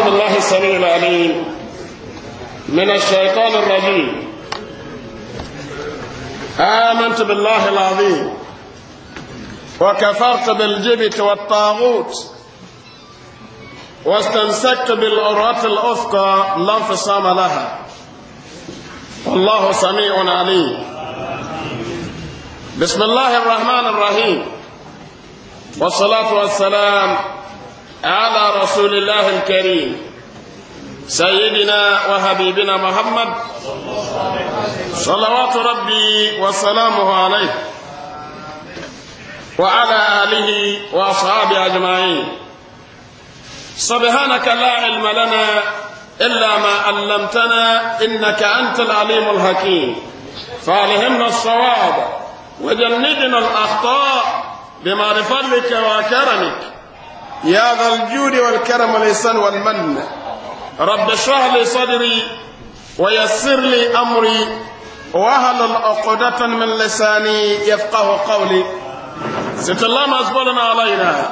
أعوذ بالله السميع العليم من الشيطان الرجيم آمنت بالله العظيم وكفرت بالجبت والطاغوت واستمسكت بالعروة الأفقى لا انفصام لها والله سميع عليم بسم الله الرحمن الرحيم والصلاة والسلام على رسول الله الكريم سيدنا وحبيبنا محمد صلوات ربي وسلامه عليه وعلى آله وأصحابه أجمعين سبحانك لا علم لنا إلا ما علمتنا إنك أنت العليم الحكيم فألهمنا الصواب وجنبنا الأخطاء بما بفضلك وكرمك يا ذا الجود والكرم والإحسان والمن رب اشرح لي صدري ويسر لي أمري وهل عقدة من لساني يفقه قولي ست الله مزبولنا علينا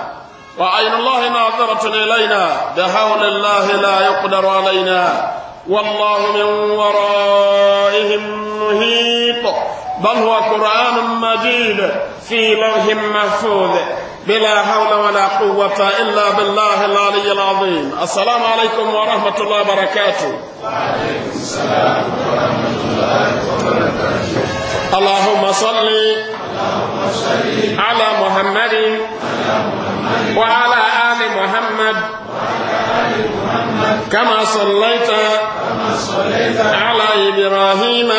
وعين الله ناظرة إلينا بحول الله لا يقدر علينا والله من ورائهم مهيط بل هو قرآن مجيد في لوح محفوظ بلا حول ولا قوة إلا بالله العلي العظيم السلام عليكم ورحمة الله وبركاته وعليكم السلام ورحمة الله وبركاته اللهم صل على محمد وعلى آل محمد كما صليت على إبراهيم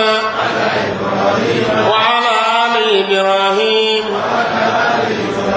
وعلى آل إبراهيم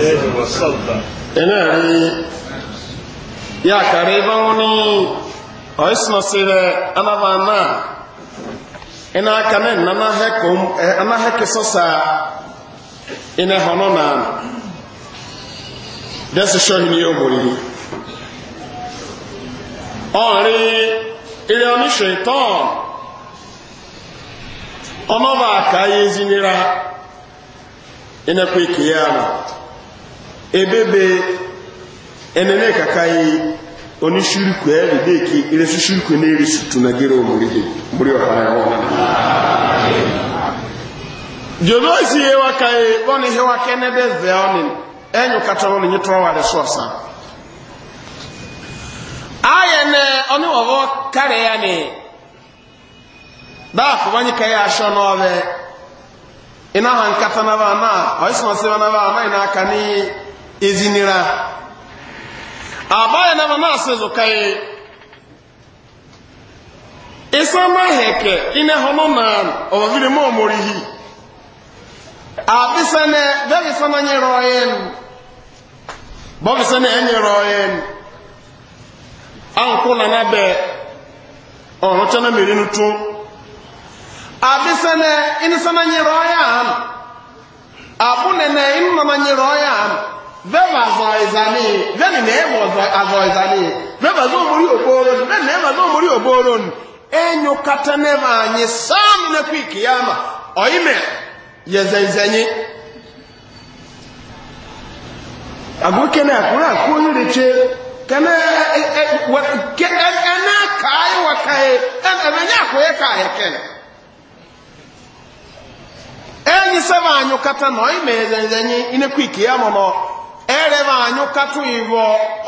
alayhi wa sallam. Ina ri ya kare ba wani oisna sire ana ba na ina kane na na hekum e, ana heke sosa ina hono na desu shohi ni omori ọ̀rí ilé oníṣẹ́ ìtàn ọmọ bá àkáyé zinira inẹ́kú ìkìyà náà ebebe enene kakai oni shirku ya rideki ile su shirku ne ile su tunagira omurihe muri wa kana yawo jodo si ye wa kai boni he wa kene de ze oni enyu katoro ni nyitoro wa resource aya ne oni wo kare ya ni da ko bani kai asho no be ina han katana ba na oisma se na ba na ina kani ezinira abaye na mama sezo kai isama heke ine hono man o mo morihi abisane vele sana nye royen bobi sana enye royen an kuna na be ọ̀rọ̀ tẹ́lẹ̀ a ní tó àbísẹ́nẹ̀ inisẹ́nà nyẹ̀rọ ọ̀yà àbúnẹ̀nẹ̀ inú bẹ́ẹ̀ma na bẹ́ẹ̀ni ní ẹ̀mọ̀ azọ̀ìzàní bẹ́ẹ̀ma zọ́ omori ògbóró ni bẹ́ẹ̀ni ẹ̀ma zọ́ omori ògbóró ni ẹ̀yọ kata nẹ́ẹ̀ma anyi sáàmù nẹ́kú ìkìyàmà ọ̀yìnmẹ̀ yẹ̀zẹ̀zẹ̀nyi. àgókè náà kúrò àkó onírètse kẹ́nẹ́ ka kàáyé wà káyé ẹ̀nà ní ẹ̀rẹ̀ máa yún kátó ìwọ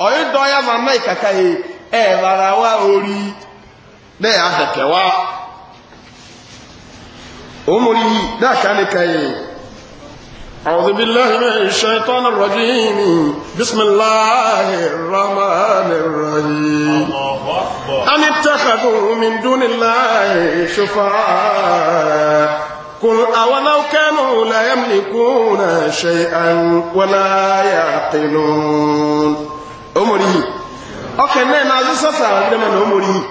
ọ̀yídọ́ ya máa ná ìkàkà yìí ẹ̀bàrà wá orí lẹ́yà àtẹ̀kẹ̀ wá òmùrí yìí dáàkà nìkà yìí أعوذ بالله من الشيطان الرجيم بسم الله الرحمن الرحيم أم اتخذوا من دون الله شفعاء قل أولو كانوا لا يملكون شيئا ولا يعقلون أمره أوكي نعم هذا سسا لما أمره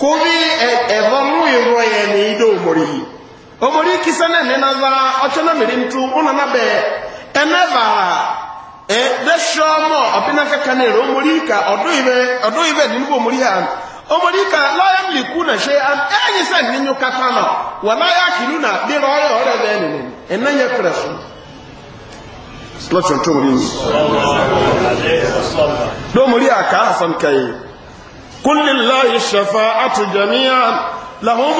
كوبي أظنوا يروي نيدو أمره أمره كسنا ننظر أتنا مرنتو أنا نبي أنا e de shomo opina ka kanero ka ha omorika lọ́yẹ̀m lìkú nà ṣe an ẹ̀yìn sẹ́ nínú kata nà wà náà yà kìlú nà bí rọ́ọ̀yẹ̀ ọ̀rẹ́ bẹ́ẹ̀ nìyẹn ẹ̀nà yẹ kẹrẹ sùn. lọ́sọ̀ tó wọlé yìí. lómori àká hasan kẹyì kúnlẹ̀ láyé ṣẹfà àtújẹmíyà làwọn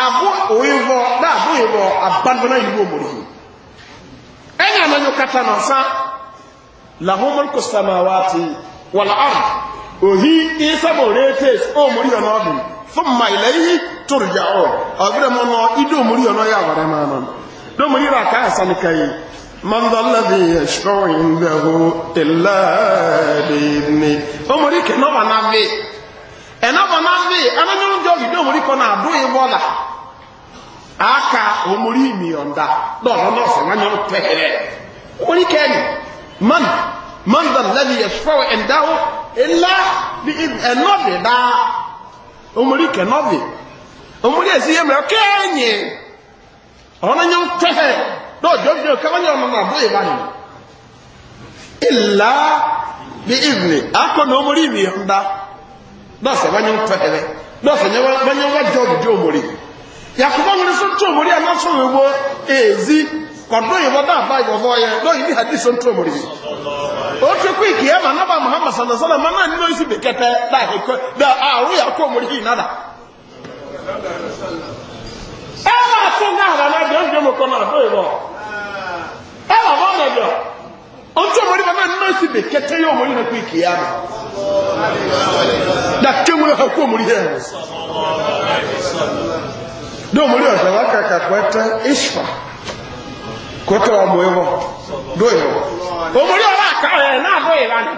Abụ oyibo na abo yinvɔ abanbana yinvɔ omori ɛnya na nyokata na nsa lahomar kusama waati wala ar ohi isaba oretes omori yɛ n'ɔdun fún ma ilẹ̀ yìí tóru ya ɔ ɔbɛrɛ mɔ nɔ idó omori yɛ n'ɔyɛ awara ma nɔ domori yɛ aka asanika yi mandalabi ɛsɔɔ yin bɛ ho ilẹ̀ bi ni omori kɛ n'ɔba na bi. ẹ̀nàbọ̀ náà rí ẹ̀nàmírànjọ́ yìí lóòmùrí aka òmùrí ìmìyànda lọ́rọ̀ náà sọ̀rọ̀ pẹ̀lẹ̀ òmùrí kẹ́ni man man dàn lẹ́ni ẹ̀fọ́ ẹ̀ndáwó ńlá ẹ̀nọ́bì daa òmùrí kẹ́nọ́bì òmùrí esi dɔsɛ wanyɔ tɔhɛrɛ dɔsɛ wanyɔ wajɔ di omori yakuba ŋun so tó ya ana so wo wo ezi kɔdó na wɔdó aba yìí wɔfɔ yɛ lɔyi bi hadi so tó omori bi o tó kó ìkì ma naba muhammad sallasala ma náà nínú isi bèkɛtɛ dá ìkɔ dá àrùn kó nada ɛ tó mo tó ɛ ọjọ́ mọ̀rí bàbá náà sì bè kẹtẹ́ yóò mọ̀rí náà kú ìkì yá mọ̀ dàkẹ́ mú lọ́kọ̀ kú òmùrí yẹn dọ́ mọ̀rí ọ̀sẹ̀ wá kàkà pẹ́tẹ́ ìṣfà kọ́tọ̀ ọmọ ẹwọ́ dóyọ̀ òmùrí ọ̀rọ̀ àkàrẹ̀ náà dóyẹ̀ lánàá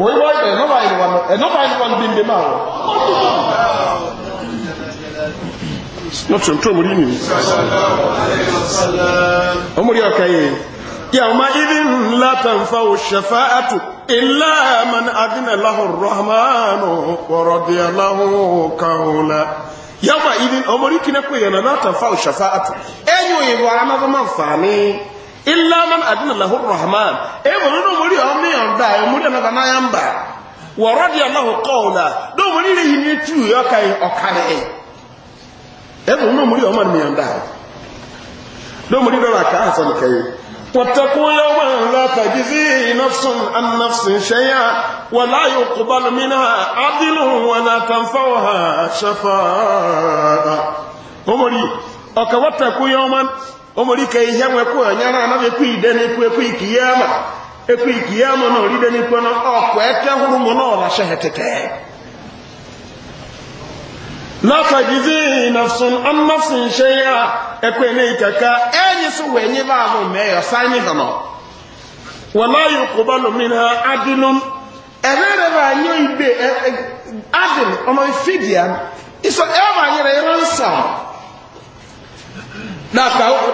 òwe wọ́n ẹ̀nọ́bà ìrìnwọ̀n bí n bẹ máa wọ̀ nọ́tún tó múrí nìyí ọmọrí Ya yìí yàmá ibi ńlá tàǹfà òṣèfà àtù ilá man adínà láhùn Rahman wọ̀rọ̀dì aláhùn kàhùnà yàmá ibi ọmọrí kí nẹ́kọ̀ yẹn náà tàǹfà òṣèfà àtù ẹ̀yìn òyìnbó anáfọ́mọ́ nfààní man adínà láhùn rahman ẹ̀wọ̀n nínú ọmọrí ọmọ yẹn ọ̀dà ẹnu ní omúrí ọmọ mi yàndá lómúrí lọ́rọ̀ àká àsọ̀lù kẹyẹ wọ́tẹ̀kún yọ wọn látàgí sí nafsun an ṣẹ́yà wà láyò kò bá lómìnà adínú wọn àtàǹfàwọ̀ ha ṣẹfà لا تجزي نفس عن نفس شيئا اكوني كاكا اي سو وني بابو مي ساني هنا ولا يقبل منها عدل ẹ̀rẹ́rẹ́ bá yọ ibè adìn ọmọ ìfìdíà ìsọ ẹ̀rọ ayẹrẹ ránṣà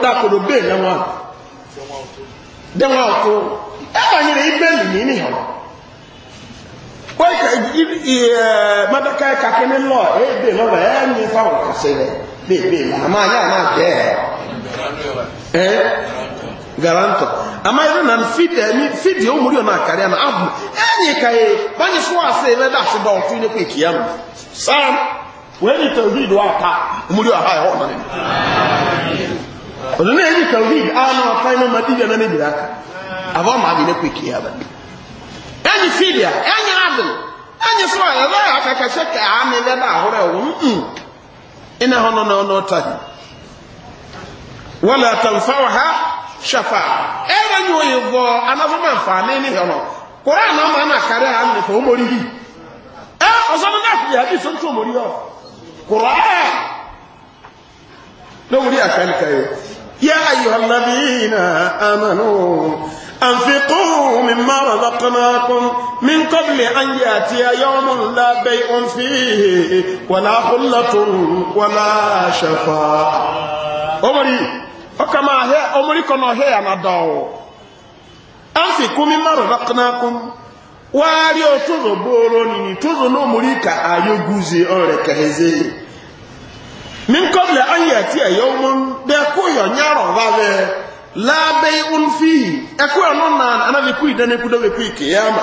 dákòrò bẹ́ẹ̀ lẹ́wọ̀n dẹ́wọ̀n ọ̀tọ́ ẹ̀rọ ayẹrẹ ibẹ̀ nìyí nìyàn wọ́n mọ́tọ́ká ẹ̀ka kíní lọ èébè lọ́rọ̀ ẹ̀ ní fáwọn kàṣẹ rẹ̀ bèbè àmọ́ ayé àmọ́ àjẹ́ ẹ̀ ẹ̀ garantọ̀ àmọ́ ẹ̀rọ nà fídì ó múrí ọ̀nà àkàrí àmọ́ àbù ẹ̀yìn kàyé báyìí fún àṣẹ rẹ̀ dàṣẹ bá ọ̀tún ní pé kìí àmọ́ sam wọ́n ní tẹ̀wé ìdò àpá múrí ọ̀há ẹ̀ ọ̀nà rẹ̀ ọ̀dọ̀ náà ẹ̀yìn tẹ̀wé ìdò àná ọ̀tá iná ɛnyi filia ɛnyi adum ɛnyi sɔ ɛbɛ akakɛsɛ kɛ ami bɛ da ahorɔ ɛwɔ mm ina hɔ no na ɔno ta yi wɔle atamfa wɔ ha shafa ɛyɛ nyi oye vɔ anafɔmɔ nfaani ni hɛ no kora na ɔma na kari ha ne fɔ ɔmori bi ɛ ɔsɔmi na kuli ha bi so ntu ɔmori hɔ kora ɛ na wuli akɛnkɛ yi yɛ ayi ɔlɔbi na amanu. أنفقوا مما رزقناكم من قبل أن يأتي يوم لا بيع فيه ولا خلة ولا شفاء أمري وكما هي أمري كما هي أنا داو أنفقوا مما رزقناكم wari otuzo boro nini tuzo no mulika ayoguze ore kaheze min qabla an yati yawmun da ko yanyaro vabe lábẹ́ olùfihì ẹkú ẹ̀nà náà anáfikú ìdánekú dáwẹ̀kú ìkìyàmà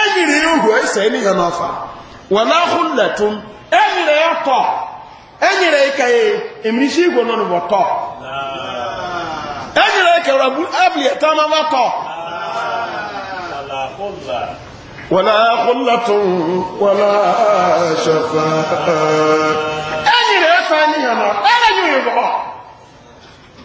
ẹ̀yìnrẹ̀ ihò ẹ̀sẹ̀ ní ìyànà ọ̀fà wọ̀n láhùnlẹ̀ tún ẹ̀yìnrẹ̀ ẹ̀tọ̀ ẹ̀yìnrẹ̀ ìkàyè èmìrísí ìgbò náà wọ̀tọ̀ ẹ̀yìnrẹ̀ ìkàrà abúlé ẹ̀tọ́ náà wọ̀tọ̀ wọ̀lá hùnlẹ̀ tún wọ̀lá ṣẹfà ẹ̀yìnrẹ̀ ẹ̀fà ní ìyànà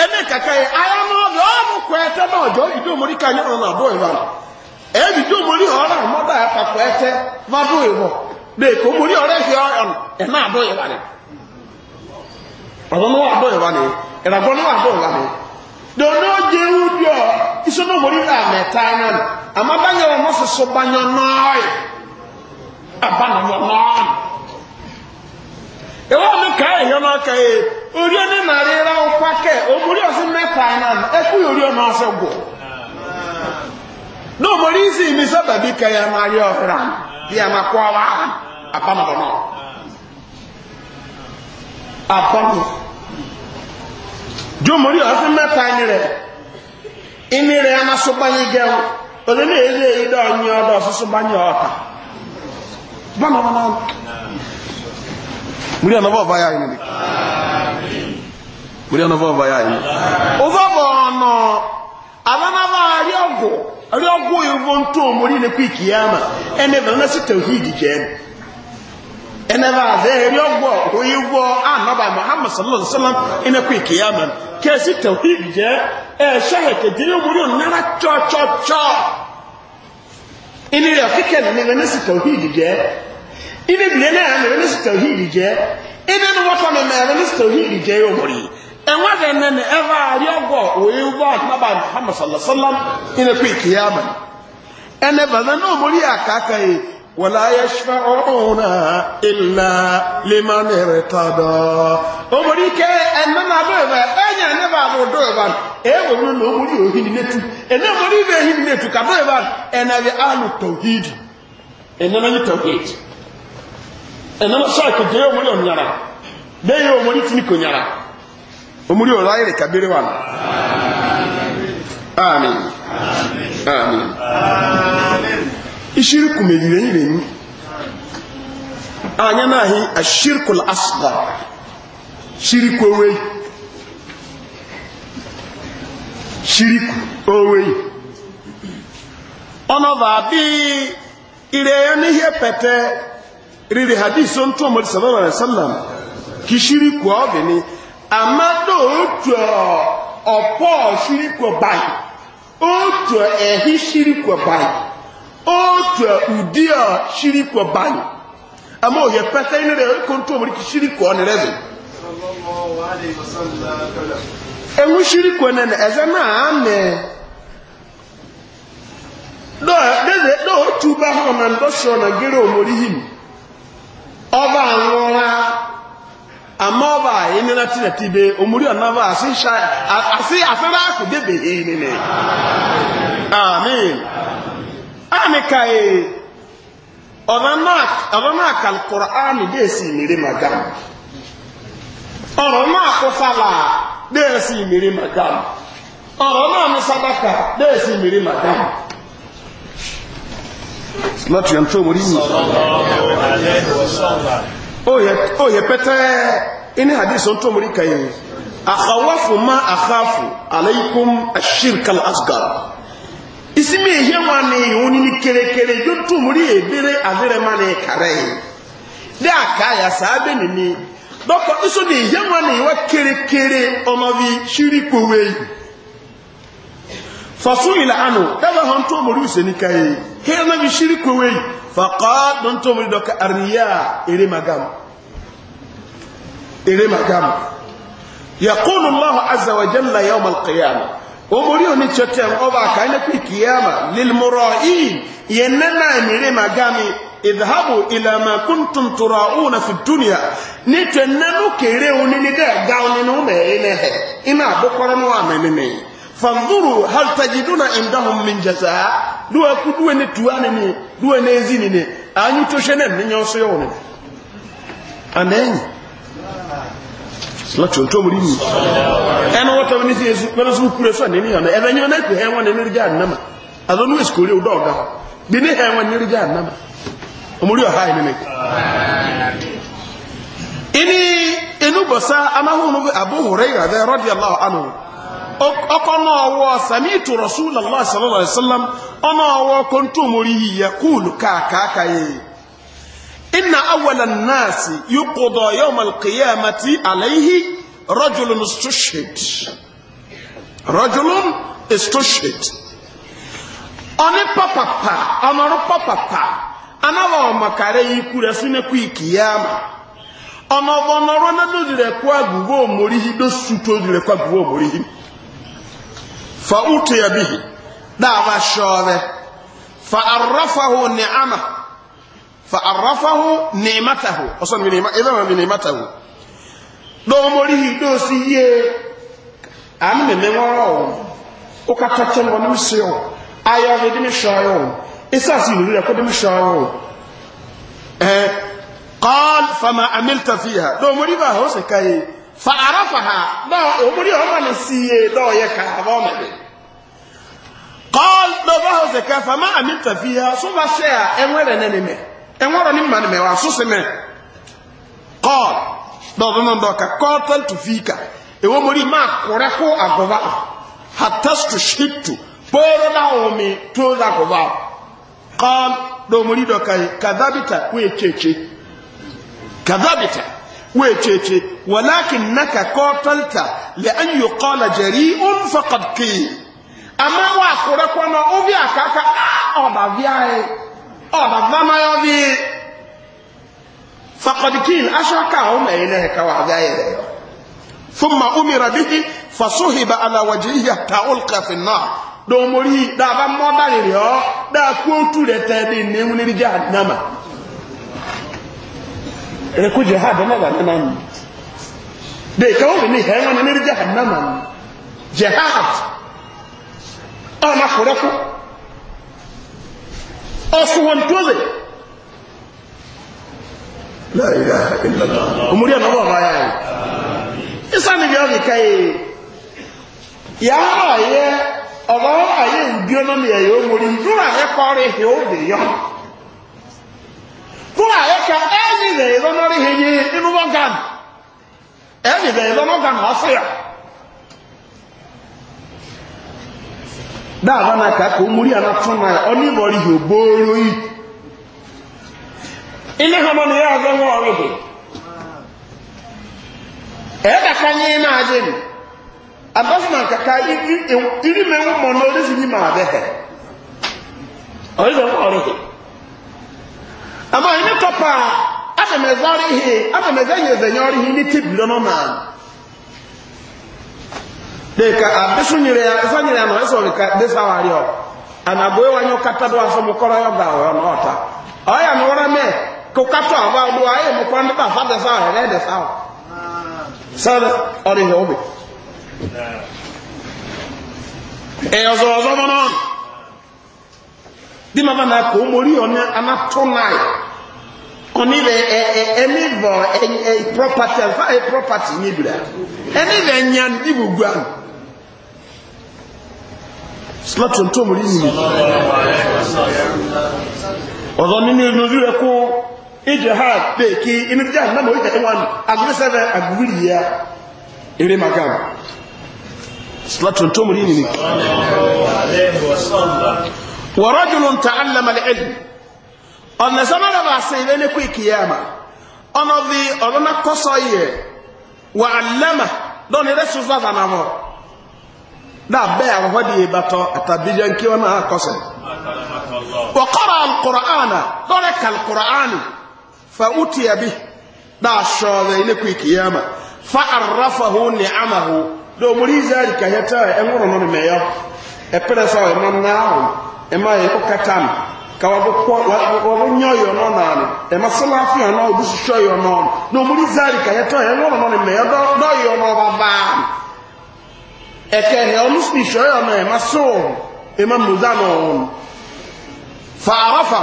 ɛne kaka yɛ aya no ɔdɔ ɔmo kɔ ɛtɛ na ɔdɔ ido mori ka nyɛ ɔna do ɛba no ɛbi do mori ɔra mɔda ɛpa kɔ ɛtɛ va do ɛbɔ bee ko mori ɔra ɛhɛ ɔn ɛna ado ɛba ne ɔdɔ no ado ɛba ne ɛnagbɔ no ado ɛba ne dodo gye wu biɔ iso no mori na mɛta na no ama banyɛ wɔn soso banyɔ nɔɔye aba na wɔn nɔɔye ìwọ mi ká èèyàn máa ka yé orí ẹni máa rí ra ọpá kẹ orí ọsùn mẹta náà ẹkú e orí ọmọ ọsẹ gùn náà mo rí sí mi sábà bí ká máa rí ọ̀rá bí ẹ máa kọ́ wa àbámọ̀bọ̀ náà àbámọ̀ jó mo rí ọsùn mẹta ni rẹ ìní rẹ a máa sọ báyìí jẹun olóyè ilé ìdọ̀ ọ̀yìn ọ̀dọ̀ ọ̀sùn sọ báyìí ọ̀tà bámọ̀bọ̀ muri ana baba ya ini muri ana baba ya ini uva bono abana ba ryogo ryogo yuvo nto muri ne kwikiyama ene bana sitahidi jen ene ba ze ryogo uyugo anaba muhammad sallallahu alaihi wasallam ene tawhid e shaheke dire muri onara cho cho cho ini ya fikene ne jen ilé ìdílé náà ẹ̀rọ ní sítẹ̀hìdì jẹ́ ilé ní wọ́n fọ́nà ẹ̀rọ ní sítẹ̀hìdì jẹ́ yóò mọ̀rí ẹ̀wọ́n rẹ̀ nẹ́nẹ̀ ẹ̀rọ àrí ọgọ́ òye wọ́ àtúnábà muhammad sallallahu ilé pé kìyàmà ẹnẹ bàbá náà mọ̀rí àkàkà yìí wọ́n láyé ṣfẹ́ ọ̀hún ilà limani rẹ̀ tọ́dọ̀ ọmọdé kẹ́ ẹ̀nà máa dọ̀ ẹ̀fẹ́ ẹ̀yà ẹ̀nà bá bọ̀ dọ̀ ẹ̀fà ẹ̀wọ̀n mi nà ọmọdé òhìn nẹ́tù ẹ̀nà ọmọdé ìfẹ́ ẹ̀hìn nẹ́tù kàdọ̀ ẹ̀fà ẹ̀nà bẹ alù tọ̀hídì ẹ̀nà náà yẹ tọ̀hídì ɛnana sɔɔki de yɛ omori onyara de yɛ omori tini konyara omori ɔra ayɛ leka bere wa no amen amen isiri kume yire yire nyi anya n'ahi ashirikul asgar shiriku owe shiriku owe ɔnɔba bi ire yɛ ne yɛ pɛtɛ. rere hadith on tó mọ̀ sallallahu alaihi wasallam kì ṣíríkù ọ̀bẹ̀ ni àmá lóòótọ́ ọ̀pọ̀ ṣíríkù báyìí óòtọ́ ẹ̀hí ṣíríkù bai otu ùdí ọ̀ ṣíríkù báyìí àmá òyẹ pẹ́tẹ́ ka rẹ̀ kó tó mọ̀ kì ṣíríkù ọ̀nà rẹ̀ bẹ̀. ẹ̀mú ṣíríkù ẹ̀nẹ̀ ẹ̀zẹ̀ náà mẹ́ ọba nwụra ama ọba ịnị tinati tinatibe omuri ọnaba asị nsa asị asịrị akụ debe ịnịnị amen amịka e, ọba na aka nkọrọ amị desi ma maka ọrụ na akụsala desi mmiri maka ọrụ na amịsadaka desi mmiri maka láti yàn tó mọ̀rí yìí ó yẹ pẹ́tẹ́ iní hadisun tó mọ̀rí kàyẹ àkàwáfù má àkàfù aláìkún ashirkal asgar ìsinmi èyẹ wà ní ìhun ní kéré-kéré yóò tó mọ̀rí èbèrè àdírẹ́ má ní kàrẹ́ yìí dé àkáyà sáábẹ̀ nìní dọ́kọ̀ ìsọ ní èyẹ wà ní ìwà kéré ọmọ bíi ṣírí kòwé yìí فصويل عنه تبا هم تومر يسني كاي هي ما بيشرك وي فقال دون تومر دوك ارنيا الي مقام الي مقام يقول الله عز وجل يوم القيامه ومريو نيتشتم اوبا كاينه في قيامه للمرائين يننا ميري مقامي اذهبوا الى ما كنتم تراؤون في الدنيا نتننو كيريو نيني دا غاوني نو مهينه انا بقرن وامنني fanzuru hal tajiduna indahum min jazaa duwa ku duwa ne tuwa duwa ne zini ni, anyu to shene ne nyo so yo amen lati onto muri ni eno wato ni si esu pelo su kure so ne ni ona nyo na ku he won ne rija nama ado nu eskore bini doga bi ne he won ne rija nama omuri o ha ni ne ini enu bosa amahu no abu hurairah radiyallahu anhu ọkọ náà sami tu rasulallah sallallahu alaihi wasallam ọnà ọwọ kọntumori yìí yẹ kúlù káàkáàkà yìí inna awala naasi yukudo yawmal qiyamati alayhi rajulun istushhid rajulun istushhid ọni papapa ọnọrọ papapa anáwọ ọmọkàrẹ yìí kúrẹ sínú ìkìyàmà ọnà ọbọ ọnọrọ náà lórí tó فأوتي به دعوة الشوبة فعرفه نعمة فعرفه نعمته أصلا من نعمة إذا من نعمته دو موليه دو سيئ أمن من وراءه وكتتن ونمسيه أيوه دم شايون إساسي نقول لك دم شايون قال فما عملت فيها دو موليه هو سكايه fa arafaha na omuri ọma ne siye na ọyẹ kaaba ọma de kọl na ọba hɔ zeka fama ami tafi ha so ba a ɛnwɛrɛ ne ne mɛ ɛnwɛrɛ ne mma ne mɛ wa so se mɛ kɔl na ɔba no dɔka tu fi ka ewo mori ma kɔrɛ ko agɔba hatas tu shi tu pooro na omi to na agɔba kɔl na omori dɔka yi kadabita ko ekyekye kadabita. ويتيتي ولكنك قاتلت لأن يقال جريء فقد قيل أما وأخرك وما أوفي أكاكا أبا فياي أبا فما يوفي فقد قيل أشرك هم إليك وعذايا ثم أمر به فصهب على وجهه حتى ألقى في النار دومري دابا مودالي دا كوتو لتادي نيمو نرجع نما ẹ̀rẹ́kú jihad náà nánà nù de ìkàwọ́ mi ní ìhẹ́wọ́n ní ní jahannama nù jihad ọ̀nà fúrẹ́fú ọ̀sùnwọ̀n tóze láìlá ìlànà òmùrí ọ̀nà wọ̀ báyà rẹ̀ ìsànì bí ọ̀dì ká yìí yàá àyẹ ọ̀rọ̀ àyẹ ìbí ọ̀nà mi ẹ̀yọ́ òmùrí ìdúrà rẹ̀ kọ́ rí ìhẹ́ òbí yọ̀ fúnra ẹ̀ ka ẹ̀mí rẹ̀ ìrọ́nà rí hẹ̀yẹ inú lọ́gàn ẹ̀mí rẹ̀ ìrọ́nà gan ọ̀fẹ́yà dáàbá na kàkó múrí àná tún náà oníbọ̀rí yóò gbóòrò yìí ilé ọmọ ni yóò gbé wọn ọ̀rọ̀ ẹ̀ẹ́dàká yín náà jẹ́ mi abọ́sùnmọ̀ kàkà irí mẹ́wọ́n mọ̀ ní orísìí bẹ́ẹ̀ ama ɛne tɔpa ana mɛza ɔrehe ana mɛza nyɛzɛnyɛ ɔrehe ne tebiri no ma deka ya ya na ɛsɛ ɔreka desa wari ọrịa anagoe wanyɛ ɔkata do asɔ mo kɔrɔ yɔga na ọta. ɔyɛ no wɔrɛ fa desa e di na ɔne bɛ ɛ ɛ ɛmi bɔ ɛ ɛ property afa ɛ e, property ni bira ɛmi bɛ nyan ibu guam sima tuntun mu ni nyi ɔzɔ nínú ìdúró rẹ kó ìjẹ ha pèkì inú jẹ àná mọ ìtẹ wọn agbóni sẹfẹ agbóni yìí ya eré magam sima tuntun mu ni nyi. wọ́rọ̀ jùlọ ntà alẹ́ mali ọ̀nà sọ́mọ́dà bá sìn ilé níkú ìkìyàmà ọ̀nà bí ọ̀rọ̀nà kọ́sọ̀ yẹ wà lẹ́mà lọ́nà ilé sùfà sànàmọ́ náà bẹ́ẹ̀ àwọn ọ̀họ́ di ìbátọ́ àtàbíjẹ́ nkí wọn náà kọ́sẹ̀ wọ́kọ́rọ̀ alukùrọ̀ánà lọ́rẹ̀ kàlùkùrọ̀ánì fa uti ẹ̀bi náà sọ̀rọ̀ ilé níkú ìkìyàmà fa àràfàhù ní àmàhù lọ́mọdé ìzẹ́rì kàyẹ́tà ẹ̀ ń wọ̀rọ̀ nínú mẹ́yọ́ ẹ̀pẹ́rẹ́ sọ̀rọ̀ ẹ̀ ka wabonyoyo no nani emasalafi ono obushoyo no no muri zalika yeto yelo no ne meyo do do yo no baba eke he omusni shoyo no emaso ema muzano on fa arafa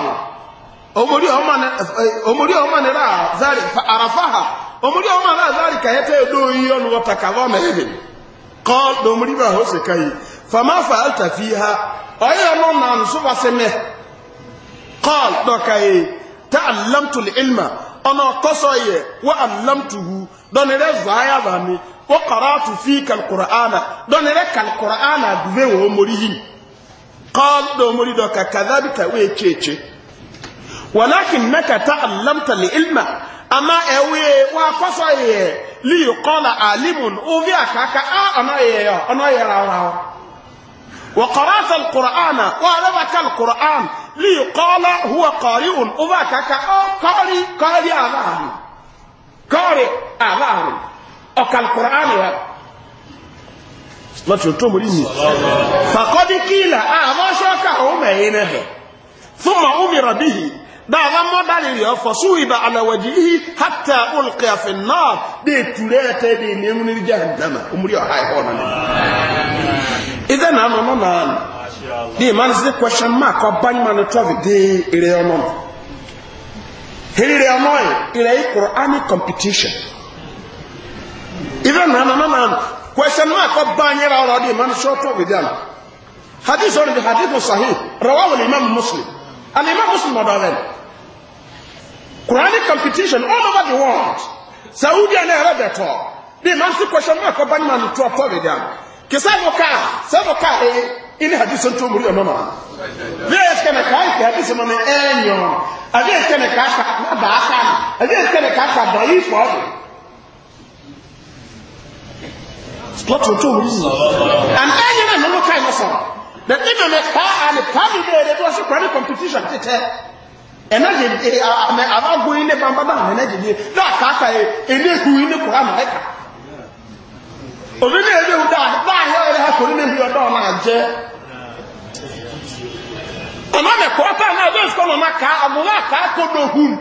omuri oma ne e, omuri oma ne ra zalika fa arafaha omuri oma ra zalika yeto e do yo no watakava mehevin qal do muri ba hose kai fama fa'alta fiha ayo no nan so baseme قال دوكاي تعلمت العلم انا قصي وعلمته دون رزايا بامي وقرات فيك القران دون رك القران دوي ومريهم قال دو مري دوكا كذلك ويكيتشي ولكنك تعلمت العلم اما اوي وقصي قال عالم وفي اكاكا انا يا انا يا راو وقرأت القرآن وعلمك القرآن لي قال هو قارئ اباك قارئ قارئ أظهر قارئ أظهر أكا القرآن يا هذا لا فقد لي فقد قيل أعماشك آه، أمينه ثم أمر به بعض ما مدل فصوب على وجهه حتى ألقي في النار دي تلاتة دي من جهنم أمري آه، هاي هون Either na no no na. The man is the question mark or ban man to have the ire ono. Here ire ono ire Quranic competition. Either na no no na question mark or ban ire ono the man of with them. Hadith on the hadith was sahih. Rawahu al-Imam Muslim. And Imam Muslim modern. Quranic competition all over the world. Saudi and Arabia talk. The man question mark or ban man to have with ke sɛ mo kaa sɛ mo kaa e ine hadise nto muri ɔno ma bia yɛ sikɛ ne kaa ike hadise no ne ɛnyɔ ade yɛ sikɛ ne kaa ka na baa ka no ade yɛ sikɛ ne kaa ka baa yi fɔ ɔdo spɔt nto muri si and ɛnyɛ na no mo kaa no sɔrɔ na ina ne kaa a ne kaa mi bɛyɛ de bi ɔsi kura ne competition titɛ ɛna de ɛ ɛ ava goyi ne bambaba ne na de bi na kaa ka ye ene hu ne kura ma ɛka. obi ní ẹbí ìhùdá báyọ̀ ha kò ní níbi ọ̀dọ́ ọ̀nà àjẹ́ ọ̀nà na ọ́pá náà ọdún ìsìkọ́ ọ̀nà ká àmúlá ká kó dòhùn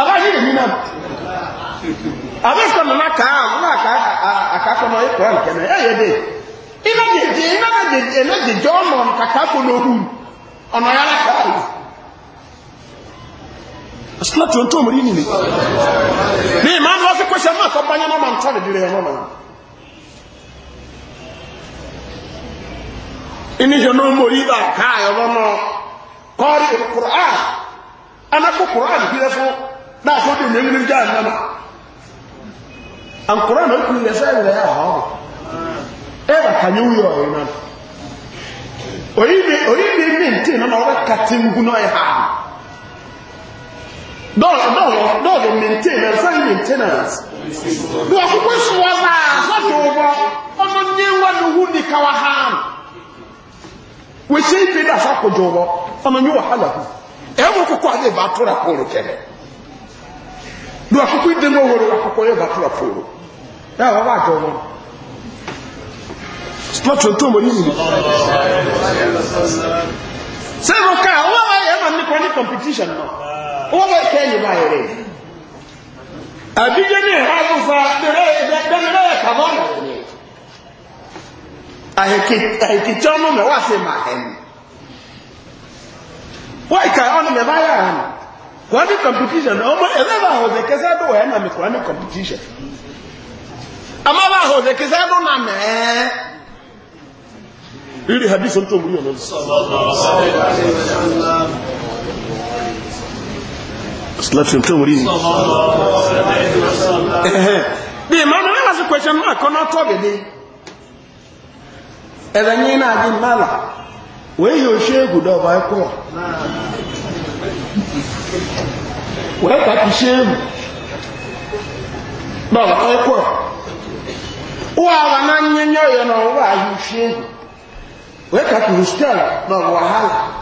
àbáyé èmi náà ọdún ìsìkọ́ ọ̀nà ká àmúlá ká àkákọ́nà ya na ka asikilati ohun tó mú rí nìyí ní ìmáà ní wọ́n fi pèsè náà tó báyẹ̀ náà máa ń tọ́lẹ̀ dìrẹ̀ ẹ̀wọ̀n náà iníṣẹ́ náà mú rí bá káàyọ̀ lọ́nà kọ́rí ìkùrán anákó kùrán ìpínlẹ̀ fún náà fún ìdí ìmọ̀ ìmọ̀ jáà náà àǹkùrán náà kú ilẹ̀ fẹ́ẹ̀ rẹ̀ àhọ́ ẹ̀ bà kà ní wúyọ̀ ọ̀rẹ́ náà òyìnbí mi ntì náà ọ̀rẹ́ kàtí dɔɔlɔ maintenance and maintenance bí wọ́n kúkú sí wọn náà lọ́dọ̀ wọn ọmọ ní wọn ní hu nìkan wà há wọ́n ṣe é gbé dàsá kojú wọn ọmọ ní wàhálà hù ẹ̀ wọ́n kúkú àdé ìbá tó ra pòrò kẹlẹ̀ bí wọ́n kúkú dé mọ́ wọ́rọ̀ kúkú àdé ìbá tó ra pòrò ẹ̀ wọ́n competition wọ́n bẹ kẹ́ ẹ̀yìn báyìí rẹ̀ àbíjẹ́ ní ìhà àgùnfà dẹ́mẹ̀rẹ́ yẹ kàmọ́ nà ní àhìkìtì ọmọ mẹ wá sí ma ẹni wọ́n ìka ọ̀nà mẹ bá yà hàn wọ́n ní competition ọmọ ẹ̀rẹ́ bá hàn ọ̀sẹ̀ kẹsẹ́ bó wẹ̀ ẹ̀ nà mí competition àmọ́ bá hàn ọ̀sẹ̀ kẹsẹ́ bó nà mẹ́ẹ́ rírì hadith tó ń tó wúrí ọ̀nà. Salat tumtumu lini? Bi maana nana si question mark kono tobe ni. Ebe nyi na adi mala. We yo shegu do ba ko. We ka ti shegu. Ba ba ko. Wa wa na ka wahala.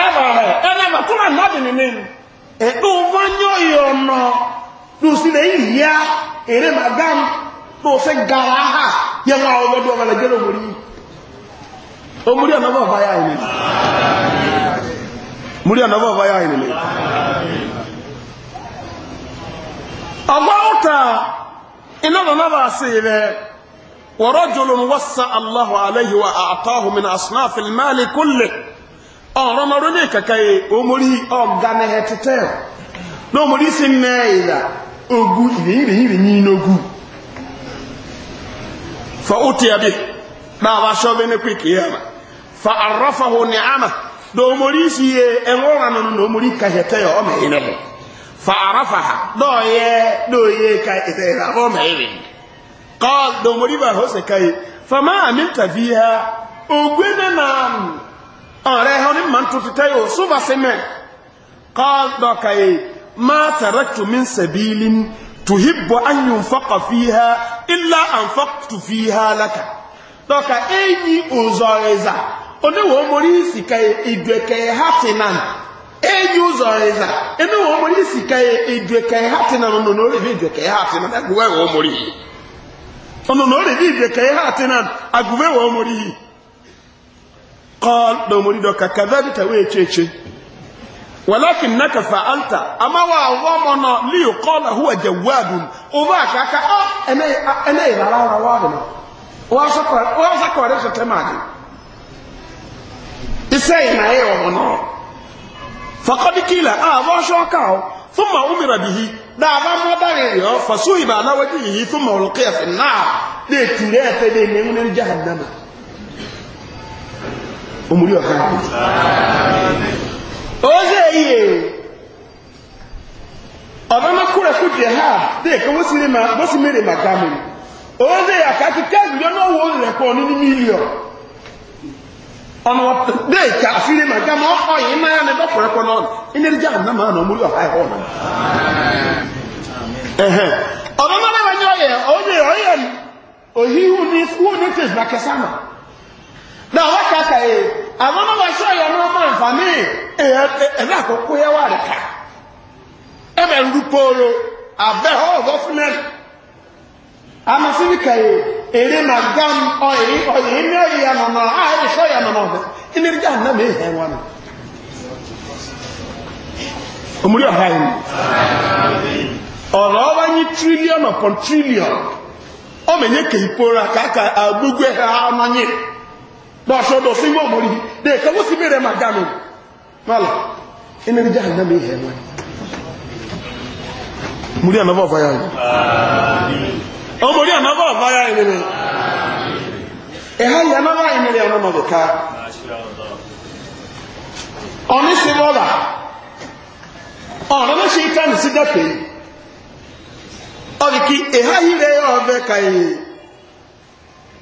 ẹ̀rọ rẹ̀ ẹ̀rọ mà kúrò ànábì nínú inú ẹ̀kọ́ wọn yọ ìyọ̀nà ló lè fẹ́ gara ha yẹ wọn àwọn omori omori ọ̀nàbọ̀ ọba yà ìnìlẹ̀ ọ̀tà iná bàbá sí rẹ̀ wọ̀rọ̀ jùlọ wọ́sà aláhùn ọ̀rọ̀ ma ronú ìkàkàyè omori ọ̀gánihẹ tẹ́tẹ́ isi si mẹ́ẹ̀dà ogu ìrìnyìrìnyìrì n'ogu fa otu ya dị na wá ṣọ́bẹ̀ ma fa arọ́fahù ní àmà n'omori si yẹ ẹ̀wọ́ra nínú n'omori kàhẹ́tẹ́ yẹ ọmọ yìí nínú fa arọ́fahà fa máa mi tàbí ya ogwe ọ̀rẹ́ ẹ̀họ́ ní ma ń tó ti tẹ́ yóò súnfà yìí máa tẹ̀rẹ́kìtù mi ń sẹ̀bí ilé tùhíbọ̀ ayùn fọ́kà fi ha ilá ka fi ha lákà dọ̀kà ẹ̀yìn òzọ̀ ẹ̀zà oníwò mórí ẹ̀yìn ẹ̀zà ọ̀nà agùwẹ̀ yìí ọ̀nà قال لو مريد كذلك ولكن ولكنك فعلت اما وضمن ليقال هو جواد وذاك اه انا انا لا لا واشكر واشكر لك تمام اسي ما هي ومن فقد قيل اه واشكر ثم امر به دا ما مدري فسوي بالا وجهه ثم القي في النار دي تريت دي من جهنم omuri ọha oze iye ọ̀dọ́mọ́kúrẹ̀ fún jẹ ha dẹ́ẹ̀kọ́ wọ́n sì mẹ́rẹ̀ màgámi oze àkáàkì kẹ́gbìyàn náà wọ́n rẹ̀ pọ̀ nínú mílíọ̀ ọ̀nà dẹ́ẹ̀kà àfírí màgámi ọ̀pọ̀ yìí máa ní dọ́kùnrẹ́pọ̀ náà inẹ́rìjà ànámà náà omuri ọ̀há ẹ̀họ́ náà na ọ kaka ye àwọn ọmọ wa sọ yọ ọmọ ọmọ nfàmì ẹbẹ àkókò yẹ wà rẹ ká ẹbẹ ń dúpọ̀ọ́rọ̀ abẹ́ họ ọ̀bọ fún ẹ àmọ́ síbi kà ye èrè mà gàm ọ̀yìn ọ̀yìn ní na àmọ̀mọ̀ àyè sọ yọ ọmọ ọbẹ ẹni na. dáhùn ha dọ̀ṣọ́dọ̀ sí yóò mọ̀rí dẹ̀ẹ̀kẹ́ wó sí mẹ́rẹ̀ máa gánú mọ́lá iná rí jáà náà mẹ́rẹ̀ wọn múrí ànábọ̀ ọ̀fáyà rẹ̀ ọmọrí ànábọ̀ ọ̀fáyà ìrìnrìn ẹ̀há ìyànábà ìrìnrìn ọ̀nà mọ̀lẹ̀ká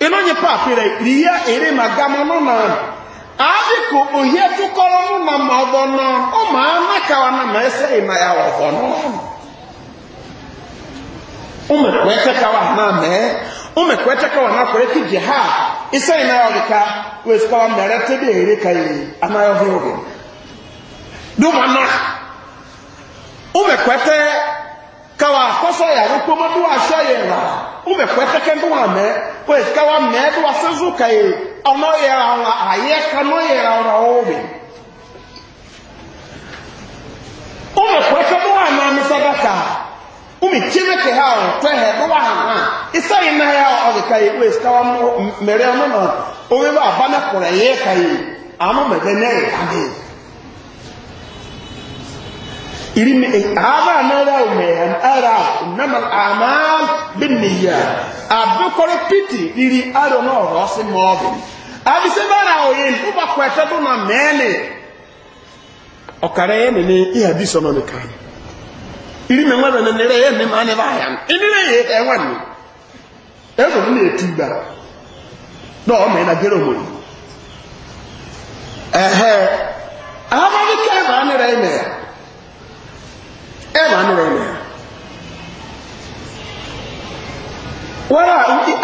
ino nye paapire riya ere magama no na abiko ohia tukọrọ no na ma ọbọ no ọ ma anaka wa na ma ẹsẹ ima e ya ọbọ no ume kwete kawa na me ume kwete kawa na kwere ki jiha isa ina ya ọdịka wezi kawa mere tebe ere ka yi anaghị ọhụrụ dụma na ume kwete kawa akɔsɔ yɛ alo kpɔmɔ do ahyɛ yɛ la wome kɔ ɛkɛkɛ do wa mɛ kɔ yɛ kawa mɛ do asɛ zo ka yɛ ɔnɔ yɛ la ɔla ayɛ ka nɔ yɛ la ɔla ɔwome wome kɔ ɛkɛ do wa mɛ amisagata wome tie mɛ kɛ ha ɔtɔ yɛ do wa hã isa yi na yɛ ɔde ka yɛ kɔ kawa mɛrɛ ɔno na ɔwɛ ba aba na kɔrɔ yɛ ka yɛ ama mɛ bɛ nɛ yɛ ka yɛ. irimi hava eh, nara umehan ara nama amal binniya abukore piti iri aro na oro si mobi abise bara oyin uba kwete bu na mene okare ene ni iya biso no ne kan iri me ngwa na nere ye me mane ba ya ini ne ye enwa eh, ni ezo ni etuba do o me na gero mo ehe ahaba ni kema ne n'ere me ẹ̀rọ ya. ilẹ̀ wọ́rà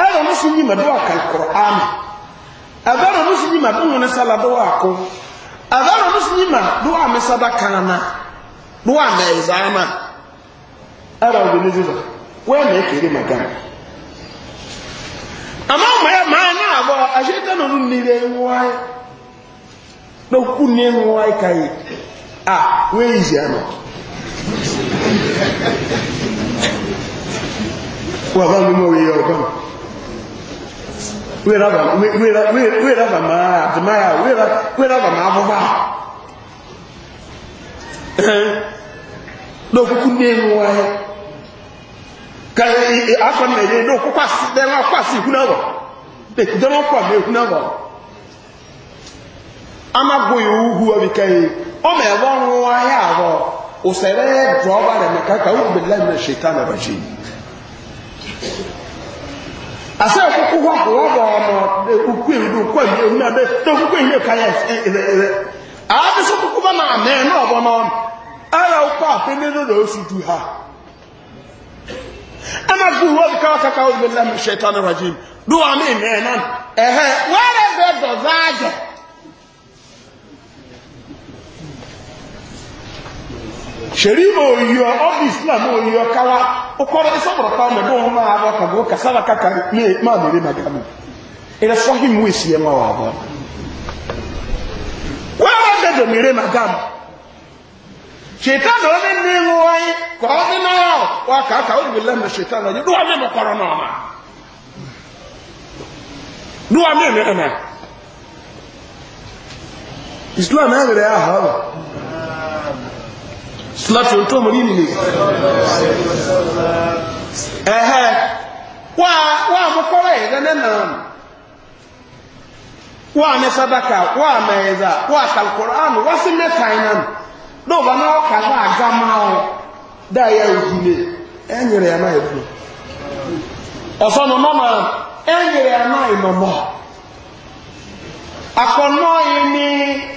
ẹ̀rọ ní sí yìí mẹ́dọ́ àkàkọ̀rọ̀ àmì ẹ̀rọ ní sí yìí mẹ́dọ́ wọn sábà dọ́wọ́ àkọ́ ẹ̀rọ ní sí yìí mẹ́dọ́ àmì sábà kanana dọ́wọ́ àmì ẹ̀zá àmà ẹ̀rọ ọ̀gbìn ní jùlọ wọ́n mẹ́ kéré màgá àmọ́ ọmọ ẹ̀ máa ní àbọ̀ àṣẹ́tẹ̀ nínú nílẹ̀ wáyé lókù nínú wáyé káyé à wọ́n èyí àná wàhálà ló mọ àdìmáyà ndị enyi nwa ya ka afọ mmeri n'okuku asị dara akwụ asị ikwu na abọ dara akwụ asị ikwu na abọ amagwụghị ugwu ọbịka ya ọ ma ebe ọrụ nwa ya abụọ usere droba na makaka ubi billahi min shaitani rajim ase okuku wa ko wa mo e, ukwe ndu kwa e, na e, a so ba na me na obo no ara ukwa pe ni do ha ama gu wa ka ka ka ubi billahi min shaitani rajim do ami me na ehe where the sherima oyiyo ọbụ islam oyiyo kawa ụkọrọ ịsọpụrụ pa mmadụ ụmụ ma abụọ ka bụ kasara kaka ma mere maka mụ ịrị sọhị m wee sie nwa abụọ wee dedo mere maka mụ shetan ọ dị n'ihu anyị ka ọ dị n'ọrụ wa ka aka obi bela mgbe shetan ọ dị dụwa nye mụkọrọ n'ọma dụwa nye mere na islam ya e mere ya ha ọrụ sílọ́tì ohun tó mọ̀ ní nìyí ẹ̀hẹ́ wà mọ́kọ́rọ̀ ìrẹ́nẹ́ náà Wa ní sadaka wà mẹ́ẹ̀dà wà kàlùkùrán wà sí mẹ́ta iná lóòbá náà na náà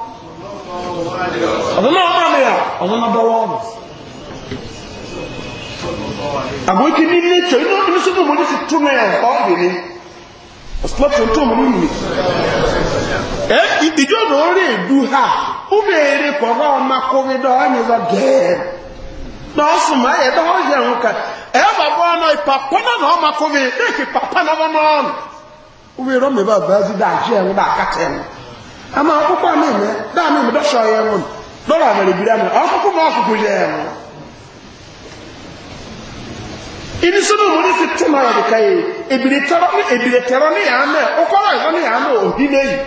ọ̀dọ́ ọma ọ̀dọ́ mi rà ọ̀dọ́ náà dọ́wọ́ ọ̀nà àgbo ike ní ilé ìtọ́ inú inú si mo ní sì tún mẹ́ ọ̀bìnrin ọ̀sọ́tò tó mo ní nìyí. ẹ ìdíjọ́ ọ̀dọ̀ orí ha ó béèrè kọ̀ọ̀rọ̀ ọmọ akọrin dọ̀ ọ́nyẹ́ lọ ama akwụkwọ a na-eme daa na eme dọsọ ya enwe dọla mere biri ama akwụkwọ m akwụkwọ ya enwe ibi sọ́nà mo ní fi túmọ̀ rẹ̀ nìkan yìí ebile tẹ̀rọ ní yàrá mẹ́ ọkọ̀rọ̀ ẹ̀rọ ní yàrá mẹ́ òbí lẹ́yìn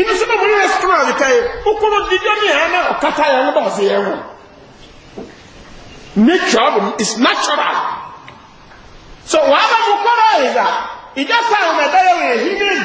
ibi sọ́nà mo ní fi túmọ̀ rẹ̀ nìkan yìí ọkọ̀rọ̀ dídọ́ ní yàrá mẹ́ ọ̀kátá yẹn ló bá ṣe yẹn wọ̀ nature is natural so wàá bá mo kọ́rọ̀ ẹ̀dá ìjọba àwọn ẹ̀dá yẹn wọ̀ èyí lẹ́yìn.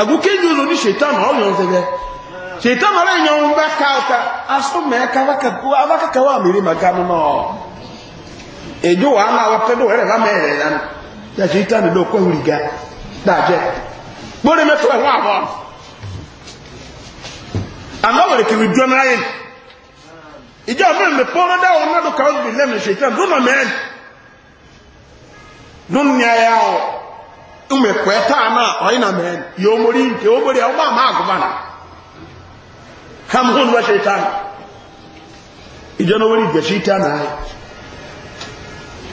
agoke yi olo ni shaitan ọyọ nzẹbẹ shaitan ara yi nyɔnu bɛ ka ɔka aso mɛ ka ava kaka wa miri ma ganu nɔ edzo wa ama wa pɛ do wɛrɛ va mɛ yɛrɛ yanu ya shaitan do kɔ wuli ga dadzɛ gbɔdɔ mɛ fɛ hɔn avɔ ama wɛrɛ kiri dɔn na na do kawo bi lɛ mɛ shaitan umekwe taa na oina men yomori nke omori ọgba ma agụbana kam hun wa shaitan Ije no wiri gbe shaitan ai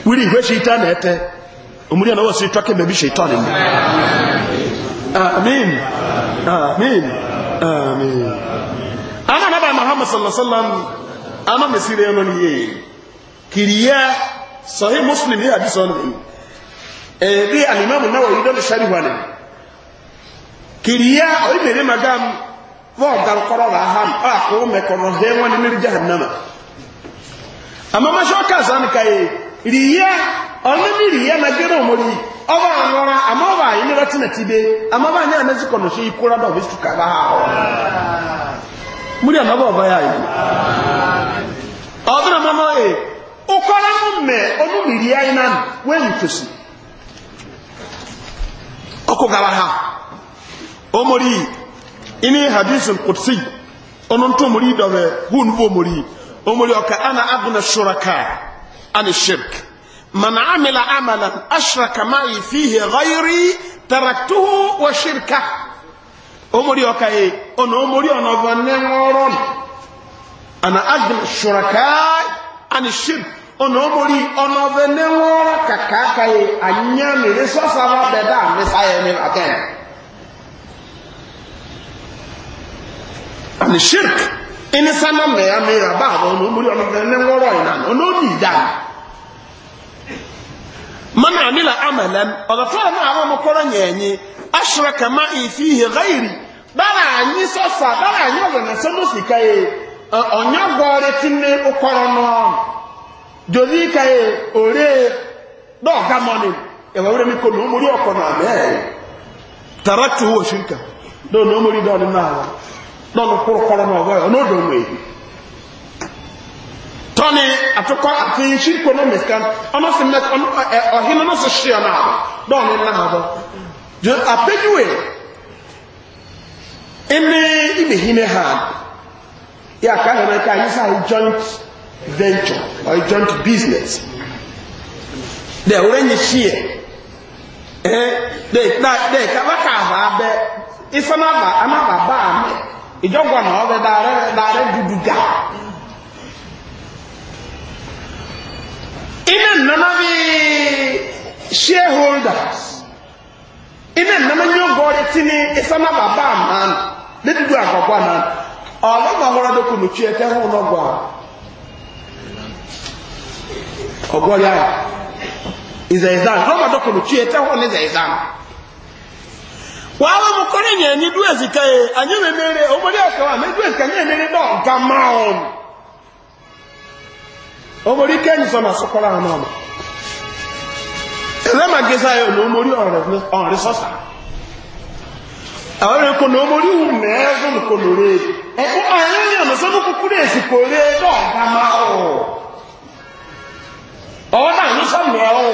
wiri gbe shaitan ete omori na wasi twake bebi shaitan ni amin amin amin ana naba muhammad sallallahu alaihi wasallam ama mesire yono ni ye kiriya sahih muslim ya hadith on ebi eh, alimamu nawa yi dɔn sari hwane kiriya oyi mele magam vɔn gan kɔrɔ la ham a ko mɛ kọrọ hɛn wani miri jahannama ama ma sɔ ka zan ka ye riya ɔno ni riya na gero mori ɔba anwara ama ɔba ayi nira tina ti be ama ba nyɛ anazi kɔnɔ so ikora dɔ bɛ su ka ba ha Ọ muri ama ba ɔba ya yi ɔdun ama ma ye ɔkɔla mo mɛ ɔnu miri ya yi na wɛn tosi. ọkụgara ha omori ini hadisul qudsi onun to mori dọrọ hun bo mori omori ọka ana abuna shuraka ani shirk man amila amalan ashraka ma'i fihi ghairi taraktuhu wa shirka omori ọka e ona omori ona ọba ne ngọrọ ana abuna shuraka ani shirk ọ̀nà ọmọrí ọ̀nà ọ̀bẹ ní kàkà kàyè ànyàmì ní sọ́sà wà bẹ̀dá ní sáyẹ̀ ní àtẹ́n shirk ẹni sáná mẹ́ya mẹ́ra bá ọ̀nà ọmọrí ọ̀nà ọ̀bẹ ní wọ́n rọ̀ ọ̀nà ìdá mọ́nà àmìlà àmàlẹ́m ọ̀dọ̀fọ́ ọ̀nà àwọn ọmọkọ́rọ̀ yẹ̀ẹ̀yẹ aṣọra kàmá ìfi ìhè gáyìrì bára ànyí sọ́sà bára ànyí ọ̀gbẹ̀nà sọ́nù sì ọ̀nyá gbọ́ọ̀rẹ́ tí ní ọkọ̀rọ̀ náà jòdì kàyè òré dọ́ọ̀gá mọ́ni mọni wúrẹ́ mi kò na omori ọkọ̀ náà mẹ́ẹ̀ tàràtù owó ṣíríkà lónìí omori dọ́ọ̀ni náà wà lọ́nà kúrọ̀kọ́rọ̀ náà wọ́n ọ̀nà òdò mú èyí tọ́ni àtúkọ́ àti ṣíríkò náà mẹ́sìkán ọ̀hìn náà ha joint venture or joint business they orange share eh they that they ka waka ha be ifa ma ba ama ba ba na obe da re da re duduga ina nana bi shareholders ina nana nyongo retini ifa ma ba ba man ne dudu agwa na ọlọ́gbà ọmọdé kò ní tí ẹ tẹ́wọ́n ọgwọrịa ya ìzẹ̀ẹ̀zán rọ́bà dọ́kọ̀lù tí ẹ̀tẹ́ hàn ní ìzẹ̀ẹ̀zán wà á lọ́mù kọ́rẹ́ yẹn ní dúẹ̀sìkẹ́ anyẹ́mẹ̀mẹ́rẹ́ ọmọdé ọ̀kọ́ àmì dúẹ̀sìkẹ́ ní ẹ̀mẹ́rẹ́ náà ga máàún ọmọdé kẹ́yìn sọmọ sọkọ́lá hàn náà ẹ̀rẹ́ màá gẹ́sà ọmọdé àwọn ọmọdé wù ọwọ́ náà ní sọ́mọ̀ ọ̀hún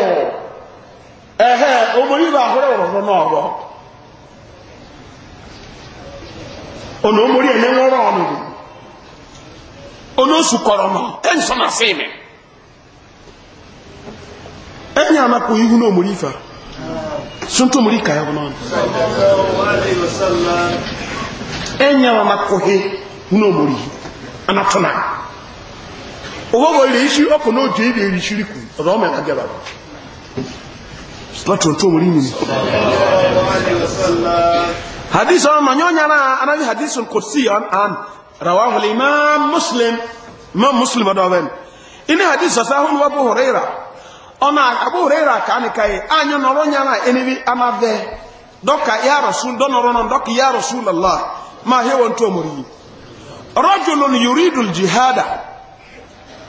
ẹ̀hẹ́ omoriba ahọ́rẹ́ ọ̀rọ̀ náà ọ̀rọ̀ ọ̀nà omori ẹ̀ lẹ́wọ́rọ̀ ọ̀nà ọ̀nà oṣù kọ̀rọ̀ náà ẹ̀ e ń sọ náà sí mi ẹ̀ e ní àmàkù ihu náà omori ifá sọ́ntọ́ omori kàyà wọn e náà ẹ̀ ní àmàkù ihu náà omori anatọ́nà owó ilẹ̀ iṣu ọkọ̀ náà jẹ́ ilẹ̀ ìṣíríkù ọ̀dọ́ mẹ́ta gẹ́ra láti ọ̀tọ́ orí nìyí hadith ọmọ yọ́nyára arábí hadith kò sí ọ̀n rawa hùlẹ̀ imam muslim ma muslim ọdọ́wẹ́n inú hadith sọ̀sá hún wọ́pọ̀ hùrẹ́ra ọ̀nà àbú hùrẹ́ra kánìkáyé ányọ́ nọ̀rọ̀ nyára ẹni bí amáfẹ́ dọ́kà yà rasul dọ́nọ̀rọ̀ náà dọ́kà yà rasul allah máa hẹ́wọ̀n tó mọ̀rí rọ́jùlùn yorùdùl jihada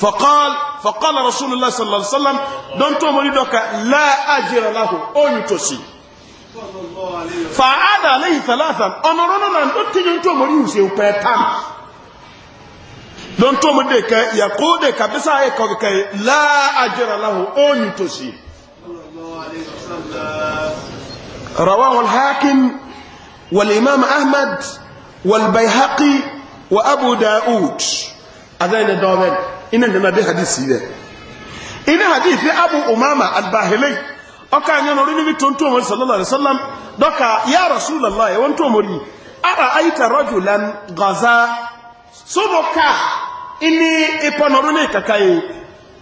فقال فقال رسول الله صلى الله عليه وسلم دونتو مريدك لا اجر له اونتوسي فعاد عليه ثلاثا امرنا ان تتي دونتو مولي وسي وبتام دونتو مولي كا يقود كبسا ايكو كا لا اجر له اونتوسي رواه الحاكم والامام احمد والبيهقي وابو داود اذن دوبن ina nana de hadisi dɛ ina hadisi abu umama albahilai Oka anya na ɔrinu bi tontom wani sallallahu alaihi wasallam dɔka ya rasulallah wɔn tom wani ara ayita rajulan gaza sobo ka ini ipanoro ne kaka yi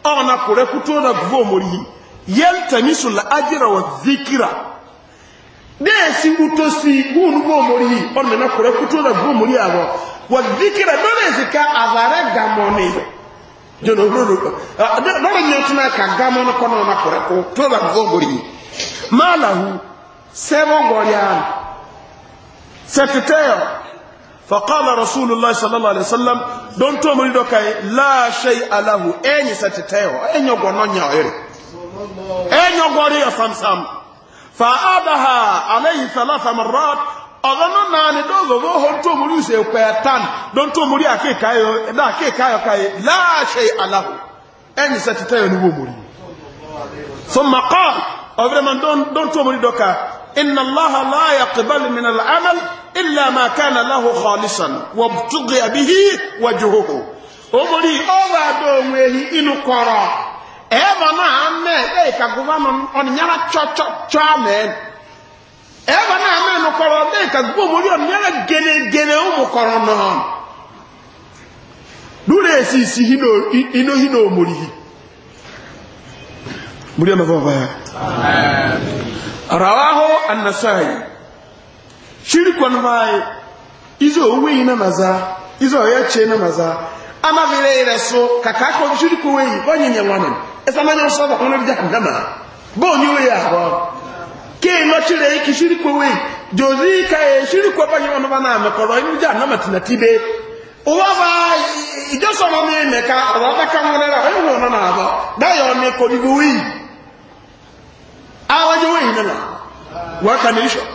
ɔna kore kuto na guvo mori yɛntamisu la ajira wa zikira deesi wutosi wunu bo mori Ona na kore kuto na guvo mori awɔ wa zikira dɔlɛsi ka avare gamɔni jono ruru dara nyantuna ka gamo no kono na kore ko to ba go gori malahu sebo gorian sekteyo faqala rasulullah sallallahu alaihi wasallam don to mo do kai la shay alahu enyi sekteyo enyo gono nya ere enyo gori ya samsam fa adaha alayhi thalath marrat ọ̀rọ̀ náà náà ni dọ́gbọ̀gbọ́ ohun tó mú rí ṣe pẹ̀ tán don tó mú rí àkíkàyọ̀ káyẹ láàṣẹ aláhù ẹni sẹ ti tẹ́yọ̀ ní wò mú rí so makọ́ ọ̀fẹ́rẹ́mà don tó mú rí dọ́ka iná láha láàyà kìbálì mi nàlá amal ilẹ̀ àmà kánà láhù kọlísàn wọ túgì àbíhí wọ jùhùhù ó mú rí ọ̀rọ̀ àdó ohun èyí inú kọ̀rọ̀ ẹ̀ẹ́bà ẹ̀wà náà mẹ́rin mọ̀kọ̀rọ̀ ọ̀dẹ́ ìkàgbọ́ mórí ọ̀nà yára gẹ́nẹ́gẹ́nẹ́ ó mọ̀kọ̀rọ̀ náà lúrẹ̀ èsì ìsì inú hínà òmòrì yìí múrí ọmọ fọ́fà ya ràwáhó annasáyì ṣírìkọ̀n máa izò òwe yìí náà za izò ọ̀yẹ́ che náà za amáfẹ́rẹ́ rẹ̀ so kàkàkọ̀ ṣírìkọ̀ wẹ̀yìn bọ́nyìn yẹn kéèyàn ṣíre ikì ṣíríkòwé jòzí káyè ṣíríkò báyìí wọn bá na mẹ́kọ̀rọ̀ inú jà náà mẹ́tìnà tí bẹ́ owó mi mẹ́ka ọ̀rọ̀ mẹ́ka wọn rẹ̀ ọ̀rọ̀ wọn na bọ̀ dáyọ̀ ní kò ní wí awájú wẹ̀yìn nínú wọ́n kà ní ìṣọ̀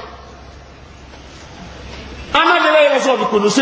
anájẹ́lẹ́ yẹn sọ̀rọ̀ kò ní sí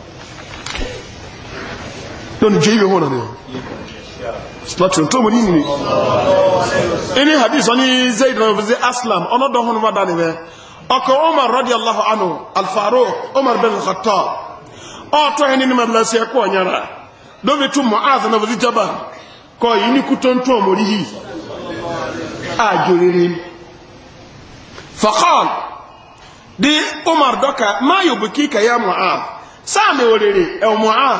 don jeiwe hona ne slatun to mori ni ini hadith oni zaid ibn abi aslam ono don hono wada ne be oko umar radiyallahu anhu al faruq umar bin khattab o to hen ni mabla se ko nyara do be tu muaz na bi jaba ko yini kuton to mori hi ajuririn faqal di umar doka ma yubkika ya muaz sa me orere e muaz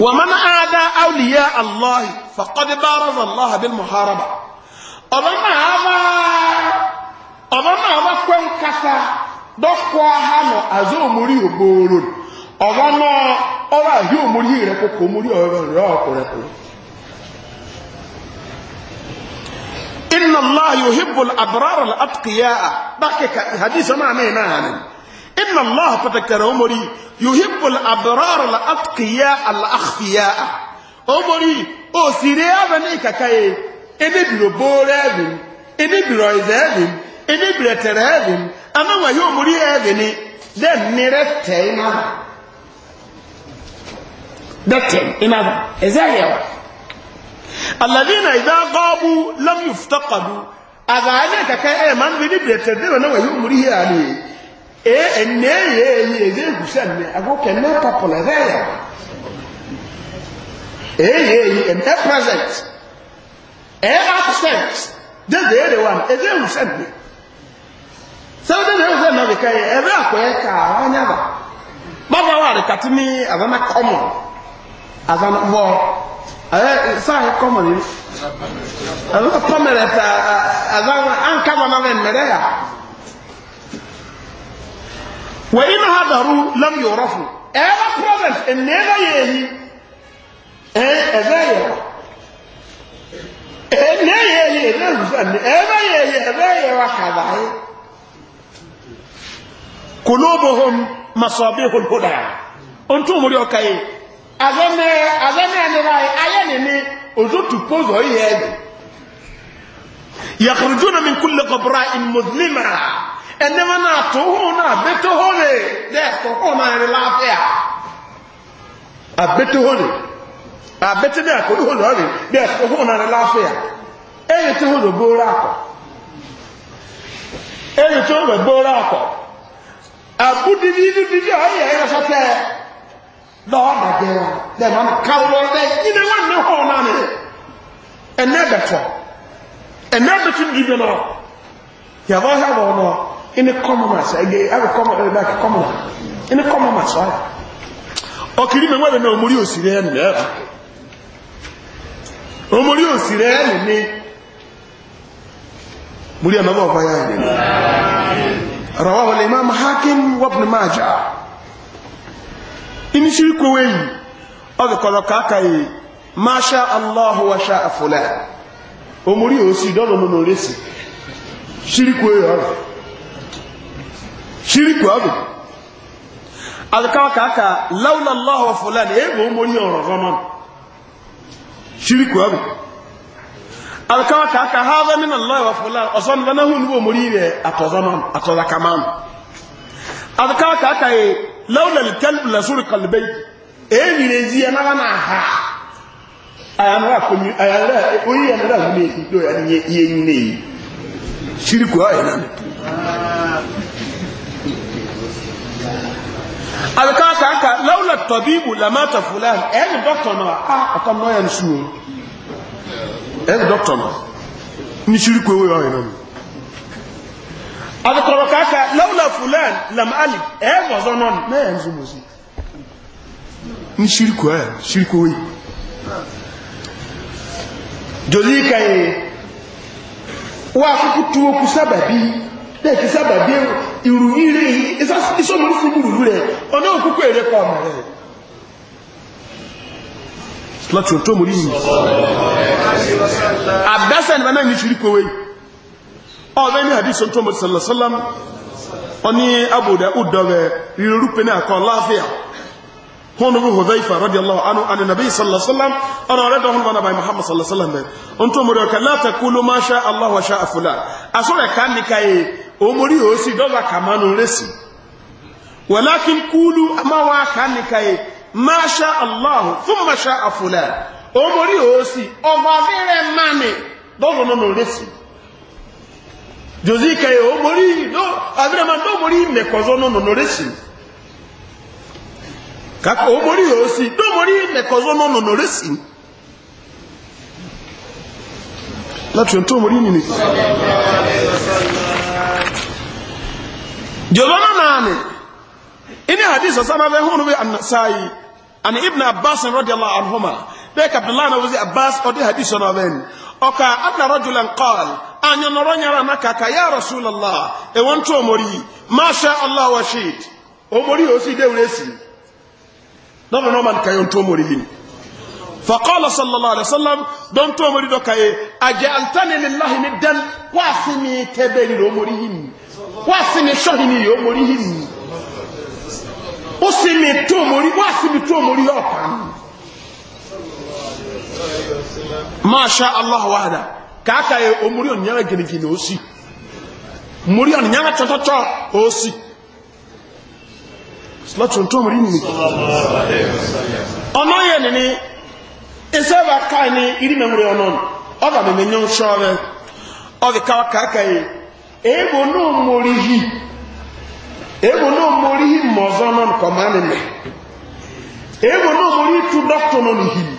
ومن آذى أولياء الله فقد بارز الله بالمحاربة أظن هذا أظن هذا كوين كسا دقوا هانو أزو مريه بولون أظن أرى هيو مريه ركو كمريه ركو ركو إن الله يحب الأبرار الأتقياء بكك حديث ما مينا هانو inna allah patakara omori yuhibbul abrar la atqiya al akhfiya omori o sire abani kakaye ene biro bore evin ene biro ize evin ene biro tere evin ana wa yo omori evini den nire te ina datten ina ba ezayewa alladhina idha qabu lam yuftaqadu aga ana kakaye man bi ni tere na wa yo omori ali ene eh, ye eze egusa mme agoke ne popular there eye ye e present e eh, absent de de de wan eze egusa mme so de de egusa na bika ye ebe akwa ka anya ba baba wa rekati mi azana common azana wo eh sahi common azana pamela ta azana an kama na mere ya وإن هدروا لم يعرفوا أنا بروفيس إن هذا يهي هذا يهي إن يهي هذا يهي هذا يهي وكذا قلوبهم مصابيح الهدى أنتم مريوكاي أزمي أزمي أنا رأي أياني أزوت بوزو يهي يخرجون من كل قبراء مظلمة ẹnẹ́mọ́ náà tó hùn náà àbẹ́tò hóre dẹ́ẹ̀kọ́ hùn náà rí láàfíà àbẹ́tò hóre àbẹ́tò dẹ́ẹ̀kọ́ hùn náà rí dẹ́ẹ̀kọ́ hùn náà rí láàfíà èyí tó hùn bóra àkọ́ èyí tó hùn bóra àkọ́ àbúdìdì ìdúdìdì ọ̀yẹ̀ ẹ̀rọ sọ́tẹ́ lọ́ọ̀dàgẹ́ dẹ́ẹ̀mọ́ káwọ́ dẹ́ yìí wọ́n ní hùn náà rí ẹ̀nẹ́bẹ̀tọ̀ ẹ̀nẹ́bẹ̀tọ̀ in the common mass I koma I come back common in the common mass why me na omori osire en na omori osire en ni muri na ba ya ni hakim wa ibn in ma allah wa sha osi do lo mo no resi shirku ṣíríkù ọdún alkaakaka láúláláwọ̀ fúlẹ̀ ní èèwọ̀ mọ́ ní ọ̀rọ̀ rọ́nà ṣíríkù ọdún alkaakaka ha zami na láwọ̀ fúlẹ̀ ọ̀sán lánàhùn ní wọ́n rí rẹ̀ àtọ̀zakaman alkaakaka yìí láúlálkẹ́lù lásùrù kalibẹ́ èèyàn rẹ̀ yí ẹnára náà ha ayanra komi ayanra oyi yanara wuli eyi do yanni ye yi ne yi ṣíríkù ọdún alka ka aka laula tabibu lamata fulan ẹni doctor náà a ọkọ náà yẹn su o ẹni doctor náà ní ṣíríkù ewé ọ̀rìn náà alkọrọ ka aka laula fulan lamali ẹni ọzọ náà náà yẹn su mo sí ní ṣíríkù ẹ ṣíríkù ewé jòlí ka yẹ wọ́n akókò tó okú sábàbí bẹ́ẹ̀ kí sábà bí ìsọ́mọ̀ ní fúrúgbùrù rẹ̀ ọ̀nà òkúkú èrè pa ọmọ rẹ̀ láti ọ̀tọ́ mú ní ṣírí kòwé ọ̀rẹ́ ní àdíṣọ́ radiyallahu anu ani nabi sallallahu ọ̀nà ọ̀rẹ́ dọ̀hún wọn abai muhammad sallallahu alaihi wasallam bẹ ọ̀n tó mú rí allah wa ṣá afúlá asọ́rẹ̀ ká omori o si dọ́là kàmánú rẹ̀sì wàlákin kúlù amáwá kánìkàyè máa ṣá aláhù fún máa ṣá àfúlẹ̀ omori o si ọba fẹ́rẹ̀ mánì dọ́lọ́nà rẹ̀sì jòzí kẹyẹ omori àbírẹ̀mà dọ́mori mẹ́kọ̀ọ́nà rẹ̀sì kàkà omori o si dọ́mori mẹ́kọ̀ọ́nà rẹ̀sì láti ọ̀tọ́ omori nìyí jolona nani ini hadisa sama ve hunu bi annasai an ibn abbas radiyallahu anhuma be ka abdullah na wuzi abbas odi hadisa na ven oka anna rajulan qal an yanoronya ranaka ka ya rasulullah e won to mori ma allah wa shid o mori o si de uresi no no man kayon to mori hin فقال صلى الله عليه وسلم دون تومري دوكاي اجعلتني لله ندا wá sí mi sọ́hìn ni yóò mórí yìí ó sì mi tó mórí wá sí mi tó mórí ọ̀pá masha allah wahda kàákà yẹ omori ònìyàn ó sì mórí ònìyàn tọ́tọ́tọ́ ó sì lọ́tún tó mórí nìyí. ọ̀nà yẹn ni iṣẹ́ bá ká ní irí mẹ́wúrẹ́ ọ̀nà ọ̀gá nyọ́ ń ego no morihi ego no morihi mozo non komane me ego no mori tu doctor non him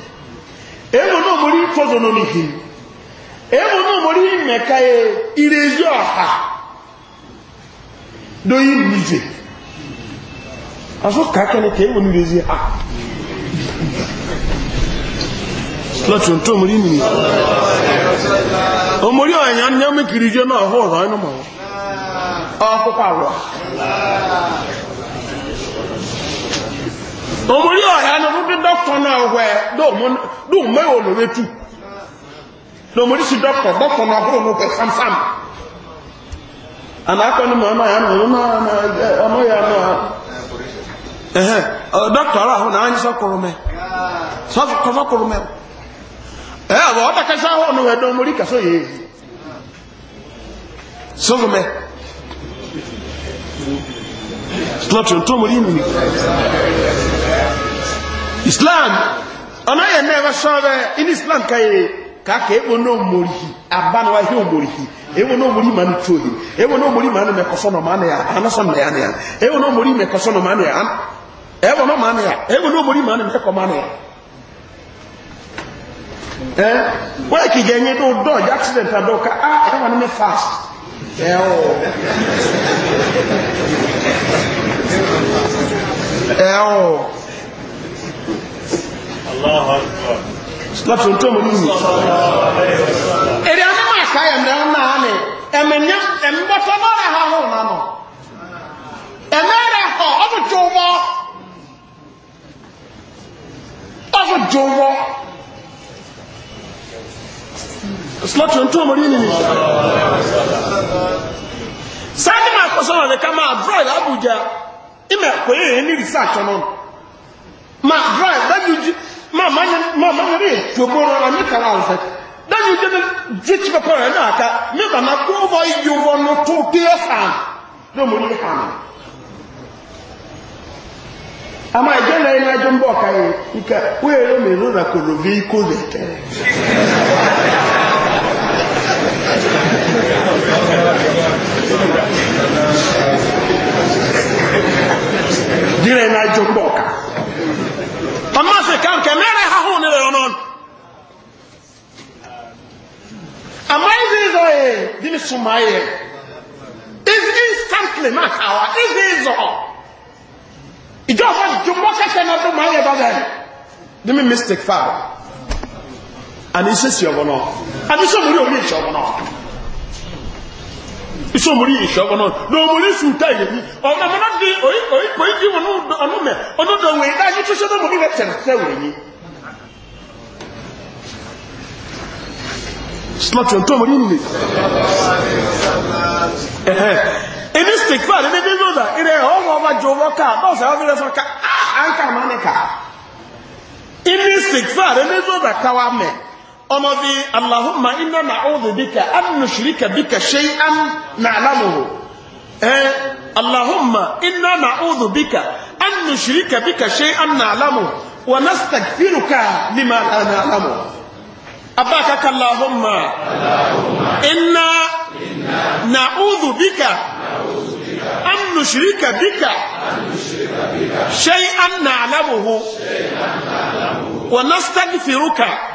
ego no mori fozo non him ego no mori meka e irejo ha do yin bize aso ka kene ke ego ni rezi ha slọ́tù tó mọ̀rí nìyí omori ọ̀yàn ní ọmọ ìkiri jẹ́ náà hó ọ̀rọ̀ ẹnu mọ̀ ọkùnkà na omori ọ̀yàn ní ndị dọ́kítọ̀ náà wẹ̀ na mẹ́wọ̀ lórí tù lomori si dọ́kítọ̀ dọ́kítọ̀ náà hó ọmọ ìkẹ́ ẹ àwọ̀ ọ́tàkẹ́sá ọ̀nà ẹ̀dọ́ mórí kàṣọ yìí sọ́fọ́mẹ́ slọ́tún tó mórí nìyí islam ọ̀nàyẹ̀ náà ẹ̀rọ in islam káyẹ̀ káàkẹ́ èwo náà mórí abánuwa ihe òmórí èwo náà mórí màá nù tóyè èwo náà mórí màá nù mẹ́kọ̀sọ́nà màá nìyà anásọ́nà yà nìyà èwo náà mẹ́kọ̀ màá eh wọ́n kì jẹ́ yẹn tó dọ́ọ̀jẹ́ accident àdọ́ka ah ẹ̀rọ wà nínú fast ẹ̀ ọ́ ẹ̀ ọ́ láti ohun tó mọ̀ nínú èrè anáwọ̀ àkáyẹ̀ mẹ́rin náà ni ẹ̀mẹ̀nyẹ́ ẹ̀mẹ́fẹ́ mọ́ra ha hàn nánà ẹ̀mẹ́rẹ̀ hàn ọ́fù jọwọ́ ọ́fù jọwọ́ slọtụ ntụ omori nini sáyẹn máa kọ sọ́nà ní ká máa abuja ime kò yẹ yẹn ní research ọ̀nà máa ma dájújú máa máa yẹn ma ìjọba ọ̀rọ̀ ní kàrà ọ̀sẹ̀ dájújú ní jíjí ji rẹ̀ náà na nígbà máa kó wọ iye wọn ní tó dé ẹ̀sán ní omori ní hàn. àmà ìjọ náà ẹni ajọ ń bọ̀ káyé ìkà wíyẹ̀rọ mi rọra kòrò bí kò lè dire na jo boka amma se kan ke mere ha hu ne yo non amma izi zo e dimi sumaye is instantly ma kawa izi zo ijo fa jo boka ke na do ma ye ba da dimi mistake fa and it's just your honor and it's so really your mi honor iṣẹ́ òmùrí ìṣọ́gbọ́n náà ní òmùrí sùúta yẹ̀mí ọ̀nà mọ́nà di òyìnbó ìdí wọn ọ̀nà mẹ́ ọdọ́dọ̀ wẹ̀ dáyé tó ṣe lọ́mọ nílẹ̀ tẹ̀lẹ̀ wẹ̀ yìí. slọ́tún tó mọ̀ nínú ẹni stikfa ní bíbí lóda ìrẹ̀ ọmọ ọba jọ ọwọ́ ká bọ́ọ̀sì àwọn fílẹ̀ sọ ká áńkà mánìkà ìní stikfa ní bíbí lóda káwá mẹ́ ọmọ bí allahumma iná na ọdún bíkà annushrika bíkà ṣe'an na alamuhu eh allahumma iná na ọdún bíkà annushrika bíkà ṣe'an na alamuhu wa nastagfiruka lima na alamuhu abákaka allahumma iná na ọdún bíkà annushrika bíkà ṣe'an na alamuhu wa nastagfiruka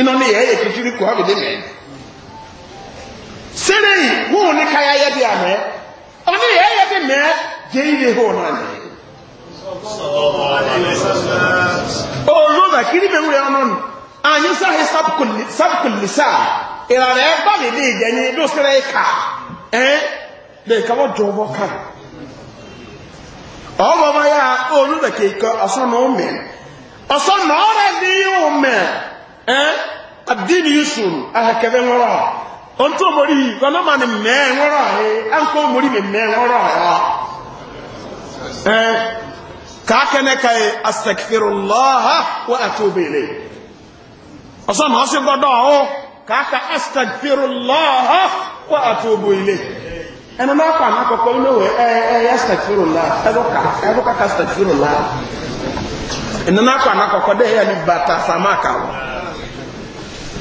iná ní ẹ̀yẹ kìtìrì kò ábìdé mẹ́ sẹ́lẹ̀ yìí wọ́n ní káyà yẹ bí àmẹ́ ọ̀ní ẹ̀yẹ bí mẹ́ jẹ́ ilé hó náà ní. olóòdà kiri bẹ̀rù rẹ̀ ọ̀nà nù àyín sáhé sábùkùlìsà ìlànà ẹ̀ bá mi lè jẹ́ ní ló sẹ́lẹ̀ yìí kà ẹ́ lè káwọ́ jọ ọbọ̀ ká ọ̀bọ̀ bá yà olóòdà kìí kọ ọ̀sán náà mẹ́ ọ̀sán náà rẹ̀ ní yóò Eh? Ah, e adini yusuf ahakɛbɛ ŋɔrɔ ɔntun omori kɔnɔmani mɛɛ ŋɔrɔ ahe ankɔ omori mi mɛɛ ŋɔrɔ ahe ɛn kaakɛnɛ ka ye asakfirulaha wa atubele ɔsɔn na ɔsi gbɔdɔ o kaaka asakfirulaha wa atubele ɛnu náà kɔ àná kɔkɔ inú wɛ ɛ ɛ asakfirulaha ɛbɔ ká ɛbɔ ká asakfirulaha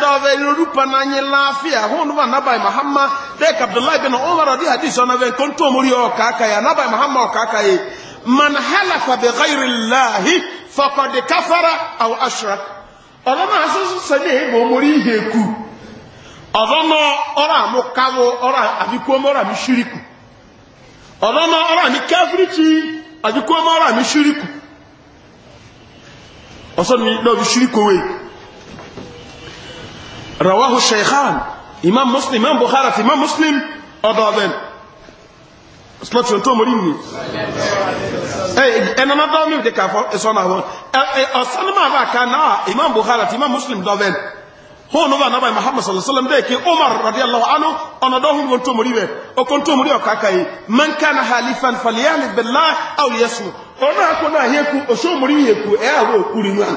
dɔɔbɛ irurupa n'anyi laafiya hɔn ba nabai mahama dɛk abdullahi bin umar ɔdi hadisi ɔna bɛ nkontomori ɔkaaka ya nabai mahama ɔkaaka ye man halafa bi ghayri lahi fakɔdi kafara aw ashrak ɔdɔ naa soso sani ebo omori ihe ku ɔdɔ nɔ ɔrɔ amu kabo ɔrɔ abikuom ɔrɔ ami shiriku ɔdɔ nɔ ɔrɔ ami kafirichi abikuom ɔrɔ ami shiriku ɔsɔ mi lɔbi shiriku wei. رواه الشيخان إمام مسلم إمام بخاري في إمام مسلم اضابن اسمعت شنطو مريم أي أنا ما ضامن ديك أصلا هون إيه، إيه، أصلا ما بقى كان آه، إمام بخاري في إمام مسلم ضاذن هو نبى نبى محمد صلى الله عليه وسلم ديك عمر رضي الله عنه أنا ضامن كنتو مريم أو كنتو مريم كاكاي من كان حالفا فليحلف بالله أو يسمو أنا أكون هيكو أشو مريم هيكو أهو إيه كوريوان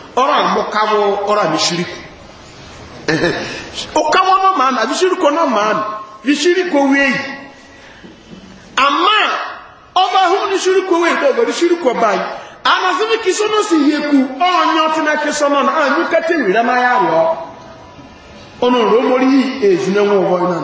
ọ̀rọ̀ àmúkawọ́ ọ̀rọ̀ àmìṣíríkù ọkawọ́ náà máa nà bíṣíríkù náà máa nà bíṣíríkù owó èyí àmà ọba ahùn níṣíríkù owó èyí ọba níṣíríkù ọba yìí anasini kìsọ́ náà sì yẹ kú ọ̀nyọ́ tí náà kìsọ́ náà náà ànyú kẹ́tẹ́ wìrẹ́ náà yà ọ̀nà òròmọ́rí yìí èzùnẹ́wọ̀n náà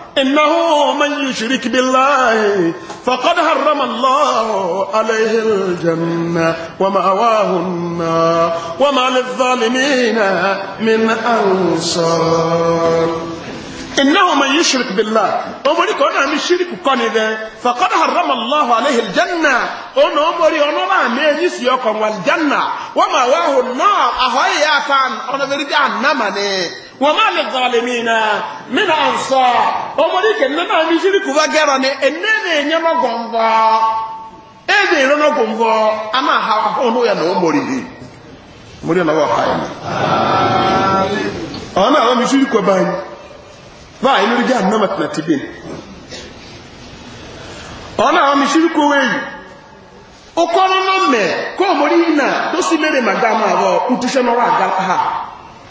إنه من يشرك بالله فقد حرم الله عليه الجنة ومأواه النار وما للظالمين من أنصار إنه من يشرك بالله أمري كنا من شرك كنذا فقد حرم الله عليه الجنة أن أمري أننا من يسيكم والجنة ومأواه النار أهوي يا فان أنا بريد أن نمني wọ́n máa lè zọ̀lẹ̀ mi na mi na nsọ ọmọdé kẹ̀lẹ́ náà ní ṣírí kùfà gẹ́rọ ni ẹ̀nẹ́ lè nyẹ́ mọ́ gọ̀ǹfọ́ ẹ̀ a máa ha ọ̀hún ó yà náà ó mọ̀rí bi mo rí ọ̀nàwọ̀ ha ẹ̀mí. ọ̀hún mi báyìí lórí jẹ́ ti ọ̀hún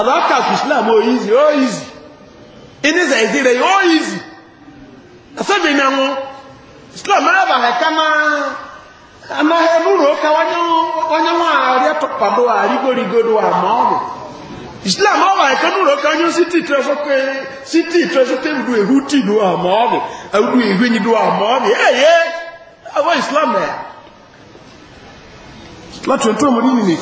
àbákàkù islam ó oh, easy ó oh, easy inisa ìdí rẹ̀ ó easy àṣẹ́bì ní àwọn islam mẹ́rẹ̀bà ẹ̀ká máa ẹ̀múrò ká wọ́nyẹ́ wọ́n àárẹ̀ tọpàdó àrígórígódó àmọ́ ọ̀rọ̀ islam ọ̀wà ẹ̀ká múrò ká wọ́nyẹ́ sítì tẹ́sọ́kẹ́ sítì tẹ́sọ́kẹ́ ìlú èhú tìlú àmọ́ ọ̀rọ̀ ìlú ìhú ìlú àmọ́ ọ̀rọ̀ ẹ̀yẹ́ àwọn islam ẹ̀ láti ọ̀tọ́ ọmọdé nìyí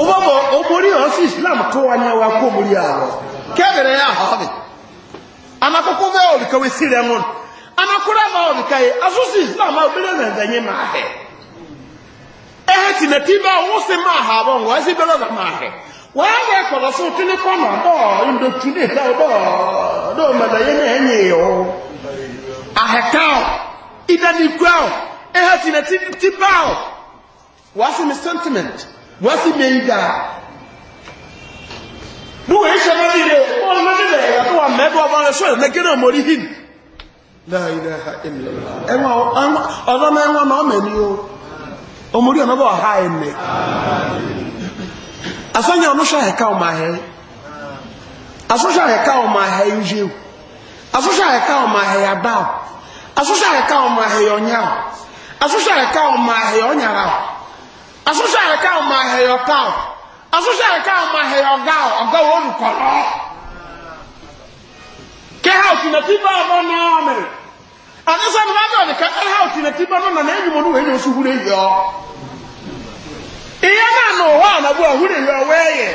ọgbọ́gbọ́ omori hàn sí islam tó wà ní ẹwà kó omori àwọ̀ kẹ́bẹ̀rẹ̀ yà hàbẹ̀ anakoko bẹ́ẹ̀ ọ̀rìkàwé sí rẹ̀ wọn anakora ma ọ̀rìkàyè asúsì islam abẹ́rẹ́ nàìjẹ̀yẹ máa hẹ̀ ẹ̀hẹ́ tí wọ́n sì máa hà wọ́n sì bẹ́rẹ̀ máa wọ́n á ní kọ́nà wasi mi sentiment wasi mi ida bí wọ́n ṣe mọ́ nílé wọ́n lọ nílẹ̀ ẹ̀yà tó wà mẹ́bọ́ ọba rẹ̀ sọ́rọ̀ mẹ́gẹ́ náà mọ́rí hìn láìláha ẹ̀mọ́ ọ̀dọ́ náà wọ́n máa mẹ́ ní o omori ọ̀nà bọ̀ ha ẹ̀mẹ́ asọ́nyà ọ̀nọ́ṣà ẹ̀ka ọmọ ahẹ́ asọ́ṣà ẹ̀ka ọmọ ahẹ́ ìjẹ́ asọ́ṣà ẹ̀ka ọmọ ahẹ́ yàbá asọ́ṣà ẹ̀ka ọmọ ahẹ́ yọ̀nyá asọ́ṣà ẹ̀ka ọmọ ahẹ́ Asụsụ yɛ ka ɔma ahɛyɔ paw asosɔ ka ɔma ahɛyɔ gaw oge wɔn nukɔlɔ kɛhɛ otunati bá ɔbɔ nɔɔmi anisa mi n'adɔ ni ka kɛhɛ otunati bá nɔɔmi na enyim ɔno wɛnyɛ osu hure yɔ a hure yɔ wɛɛyɛ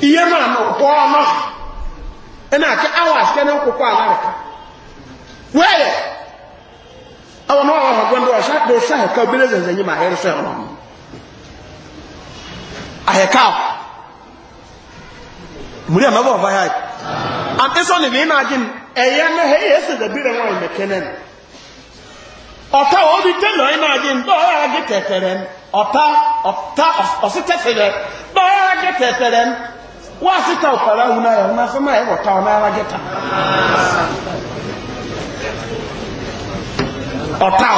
iye naa na ɔbɔ awo no awo gondo asha do sha ka bele zenze nyima ayer so ono aheka muri amabo wa me kenen ọta obi tẹlọ ẹ náà di ndọ ọyà gẹ tẹtẹrẹ n ọta ọta ọsí tẹtẹrẹ ndọ ọyà gẹ tẹtẹrẹ n wọ́n á sì ta ọ̀pára ahùn náà ẹ̀ ọ̀hún afẹ́mọ́ ẹ̀ wọ̀ta ọ̀nà ẹ̀ ọ̀tá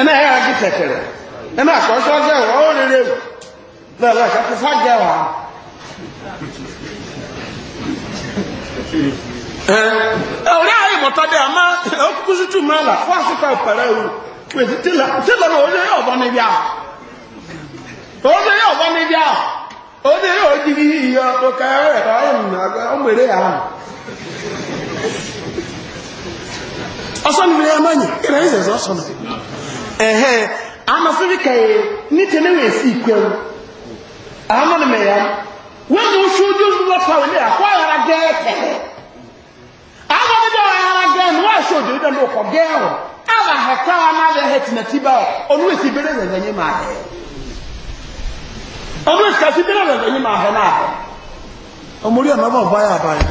ẹ̀nà ẹ̀yà kí tẹ̀kẹ̀rẹ̀ ẹ̀nà àkọ́ṣọ́ jẹ́ ìwọ̀ ó rere bẹ̀rẹ̀ ṣàkófà ọ̀rẹ́ àyè mọ̀tọ́dẹ̀ àmá ọkùnkùn tún fún àṣíkà ìpẹ̀rẹ̀ ewu pèsè tílọ̀rọ̀ ó ọsọ́nìwé ẹ mọ́nyì ìrẹ̀ ẹ̀sẹ̀ ẹ̀sẹ̀ ọsọ́nà ẹ̀hẹ́ anasirika yẹ ní tẹ̀lé wẹ̀ sí ìkwẹ́ mu àánú ni mẹ̀yà wọ́n mú sójú wọn pàwọn ní àkọ́ ara gẹ́ẹ́ tẹ̀lé àwọn ọmọdé ara gẹ́ẹ́ ni wọ́n aṣọ òjòjò ní ọkọ̀ gẹ́ẹ́ wọn àwọn ahẹ́tá wọn náà bẹ́ẹ̀ hẹ́tì nàtí bá ọ ọdún èsì bẹ́rẹ̀ rẹ̀ lẹ́yìn máa hẹ́ ọdún èsì bẹ́rẹ̀ rẹ̀ lẹ́yìn máa hẹ́ náà hẹ́ ọmọ orí ọ̀nà ọba ọba yà báyìí.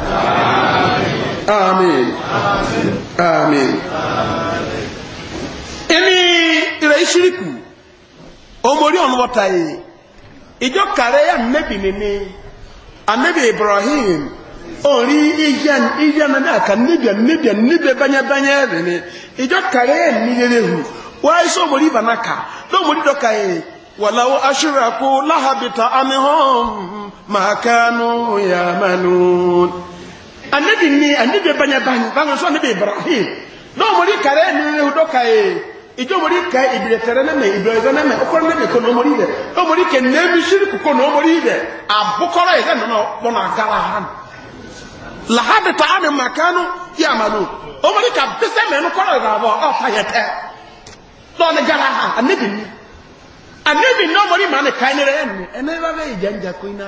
amen. amen. amen. amen ẹni ìrẹ̀ ìṣíríkù omori ọ̀nùwọ̀ta yìí ìjọ kàrẹ́ ànẹ́bì nìní ànẹ́bì ibrahim orí ìyẹn ìyẹn náà kà níbi níbi níbi bẹ́nyẹ́bẹ́nyẹ́ rẹ̀ ni ìjọ kàrẹ́ nílẹ̀ hù wọ́n ayé sọ́mọ̀rí ìbànáka lọ́mọ̀rí dọ́ka yìí wàláwọ́ aṣírakú láhàbìtà amihàn màkánú yàmánú. anabi ni anabi banya banya banga so anabi ibrahim na omori kare ni ne do kai ijo omori kai ibire tere na me ibire zo na me okoro na me ko omori de omori ke ne mi shiri ko no omori de abukoro ise no no na gara han la hada ta an makano ya malu omori ka bise me no koro ga bo o fa yete do ne gara han anabi ni anabi no omori ma ne kai ne ene ba be ijanja ko ina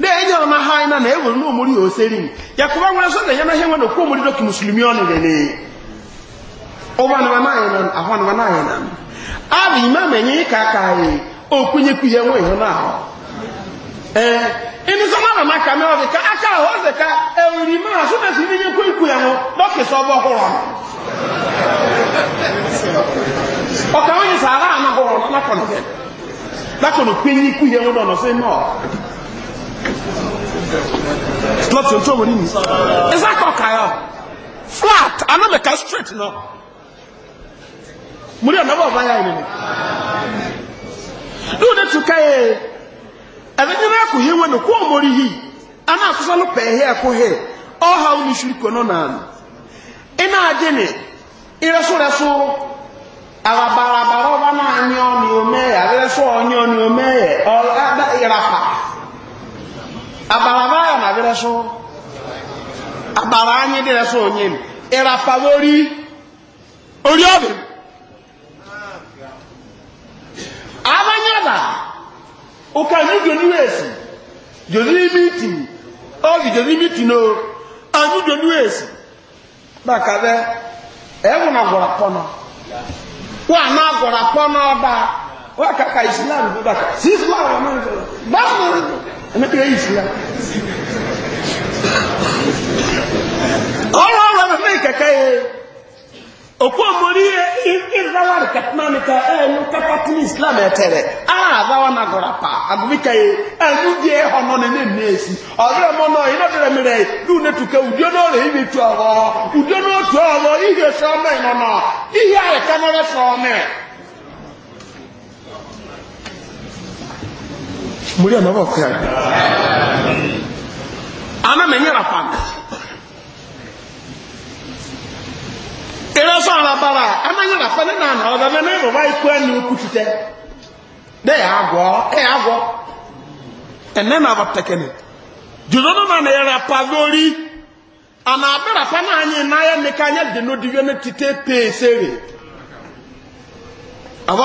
n'enye ọma ha anyị na na-ewere n'omori ya oseri yakuba nwere sọ na-enye n'ahịa nwere okwu omori dọkị musulmi ọ nere ne ụwa nụwa n'anyị na ahụ nụwa n'anyị na abụ ime ama enye ka aka anyị okwenye kwu ihe nwee ihe n'ahụ ee ịnụsọ mara maka mere ọdị ka aka ahụ ọdị ka ewuri mara sọ na sịrị nye kwu ikwu ya nụ dọkị sọ ọbụ ọhụrụ ọka onye sara anahụrụ nakọnụ kwenye ikwu ihe nwere ọnọ sị nọọ slọ́tì ojú òmò nínú ìsákọ̀ kàyọ̀ flat anamẹ̀ka straight náà mo ní ọ̀nàbọ̀ ọ̀bá yá ìnìyàn dúró dé tu káyé ẹ̀fẹ́ ní bẹ́ẹ̀ kò yé wọn nù kó o mórí yìí aná àtúnṣe ló pẹ̀ hẹ́ ẹ̀kọ́ hẹ́ ọ̀hà omi ṣùrù kò náà nàánú iná ajé abaraba ya na bere so abara anyị dịrị so onye m ịrapagori ori obi m abanyada ụka ni joni wesi joni miti obi joni miti no anyị joni wesi maka be ewu na gwara kpọnọ wa na gwara kpọnọ ọba wa kaka islam bụ baka si islam na nzọrọ gbasoro ẹnẹ́kẹ́ yìí sí ya ọ̀rọ̀ ọ̀rọ̀ ẹ̀fẹ́ fẹ́ kẹ̀kẹ́ yẹ òkú ọmọdé yẹ ìdáwà kẹtìmánìkà ẹ̀ẹ́nu kápátìmí islam ẹ̀tẹ̀rẹ̀ àdáwà náà gọ̀rọ̀ pa agbóbíkà yẹ ẹ̀ẹ́nu di ẹ̀ ọ̀nà nínú ẹ̀mí ẹ̀sì ọ̀rẹ́ ọmọ náà iná bẹ̀rẹ̀ mi rẹ̀ lùn ní tukẹ̀ ùdíọ́ náà rẹ̀ ibi tu ọ̀rọ̀ ùdíọ́ náà tu ọ̀rọ̀ ibi èso ọmọ ìnọ̀nà iye àyẹ̀kẹ́ náà rẹ̀ sọ ọmọ ẹ̀ muri amaboko okay. yawe anamenye arapanga eroso e arabara ananye arapane nana ọdọdọ na ịbụ bayi kwe na okwuchite de ya agwọ e agwọ ene na abatekene judodo na na yara pavori ana abara pana anyị na ya nika anya dị n'odiwe na tite pe sere avọ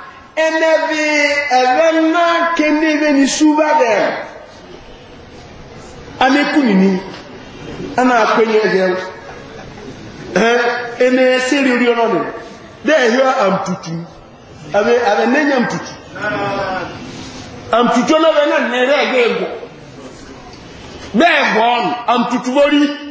ɛnɛbi ɛvɛ na keneve ni suba dɛ ameku nini ɛna akpɛnyi ɛdiɛ ɛ ɛnɛ seri ri ɔnɔni dɛ ɛhia amtutu abe abe nenya amtutu amtutu ɔnɔbɛ na nɛrɛ ɛgbɛ ɛgbɔ bɛɛ gbɔn amtutu bori.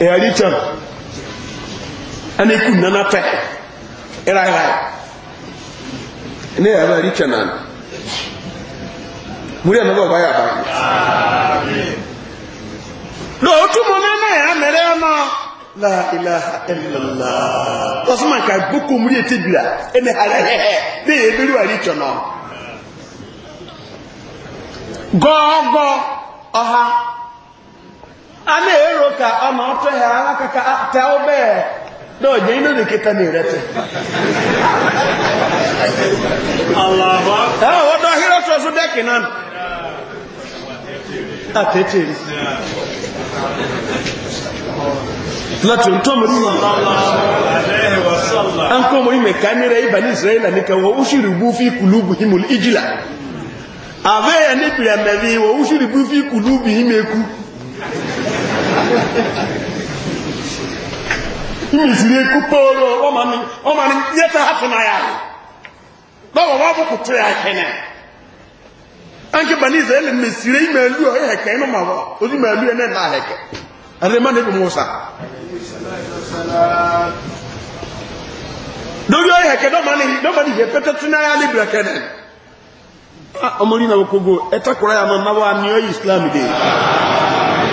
ɛyari tɛm ɛna eku nana pɛ ɛrayirayi ne yɛrɛ ɛyari tɛm nani muri ɛna bɛ ɔba yɛ aba na otu mu nana yɛ amɛrɛ ɔnɔ la ilaha illallah ɔsoma nka gboko muri ete bira ɛna ara hɛhɛ ne yɛ ebiri ɛyari tɛm nɔ gɔɔgɔ ɔha. a na-ero ka ọ ọtọ ya alaka ka ta obee na onye ino na kịta na-erete ọdọ ahịrị ọtọ ọzọ na atetiri láti ohun tó mọ̀ nínú an kó mọ̀ ime ká nírẹ̀ ibà ní israẹ́lá ní kẹwọ́ úṣìrì bú fí kùlúbù himul ní wùsùrù ekúpọ̀ ọ̀rọ̀ ọmọni ọmọni yẹta hapụ na ya lọ́wọ́ wọ́n bú kùtù ya kẹ́nẹ̀ anke bani israeli mesire ime elu ọ hẹkẹ inú ma wọ ma elu ẹnẹ na hẹkẹ arẹmọ níbi musa lórí ọ hẹkẹ dọmọni dọmọni yẹ tún náà náà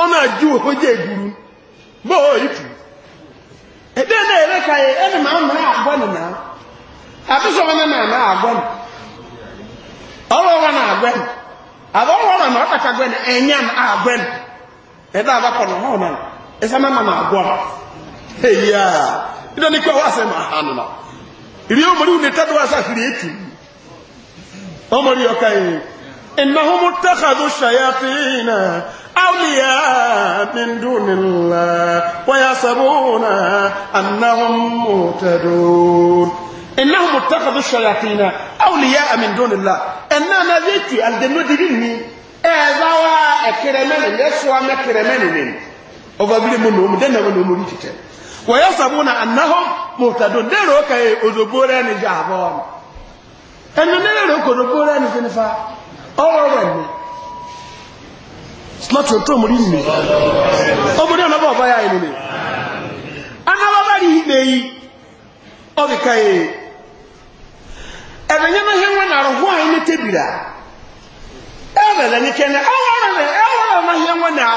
ọ na òkójẹ́ ìgbùrú bóò ìtù ẹ̀dẹ́ náà ẹ̀rẹ́ na ẹni na mìíràn àgbọ́ nìna àtúnṣọ́ na náà na àgbọ́ nì ọwọ́ wọn náà àgbọ́ nì àbọ̀ wọn na máa na gbẹ́ nì ẹ̀yà àgbọ́ nì ẹ̀dẹ́ àbákọ̀ nà إنهم اتخذوا الشياطين أولياء من دون الله ويصبون أنهم مهتدون إنهم اتخذوا الشياطين أولياء من دون الله إننا ذيتي الجنة ديني إذا أكرمني يسوى مكرمني أغابلي من نوم دينا من نوم ويصبون أنهم مهتدون ديرو كي أزبورين جعبون أننا نرى كذبورين في نفاق ọwọ́ rẹ̀ mi tó mú rí mi ọmọdé ọ̀nàbọ̀ ọ̀bá ya ìlú mi anábábá rí ka yìí ọ̀bìkà yìí ẹ̀bẹ̀nyẹ́ náà hẹ́wọ́n náà rọ̀hún àyín ní tẹ́bìrà ẹ̀bẹ̀lẹ̀ ní kẹ́ni ọwọ́ rẹ̀ ọwọ́ rẹ̀ náà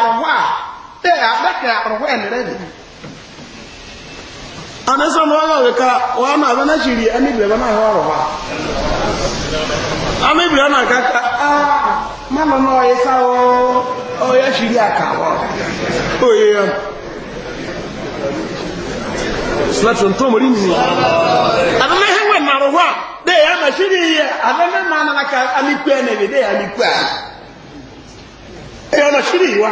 anasa mwana weka wana wana shiri ami bila wana horo ha ami bila na kaka ah mama no yesa o o ya shiri akawo o ye slatu nto mori ni anana hewe na roha de ya na shiri ya anana mana na ka ami ne de ya ni kwa e ona shiri wa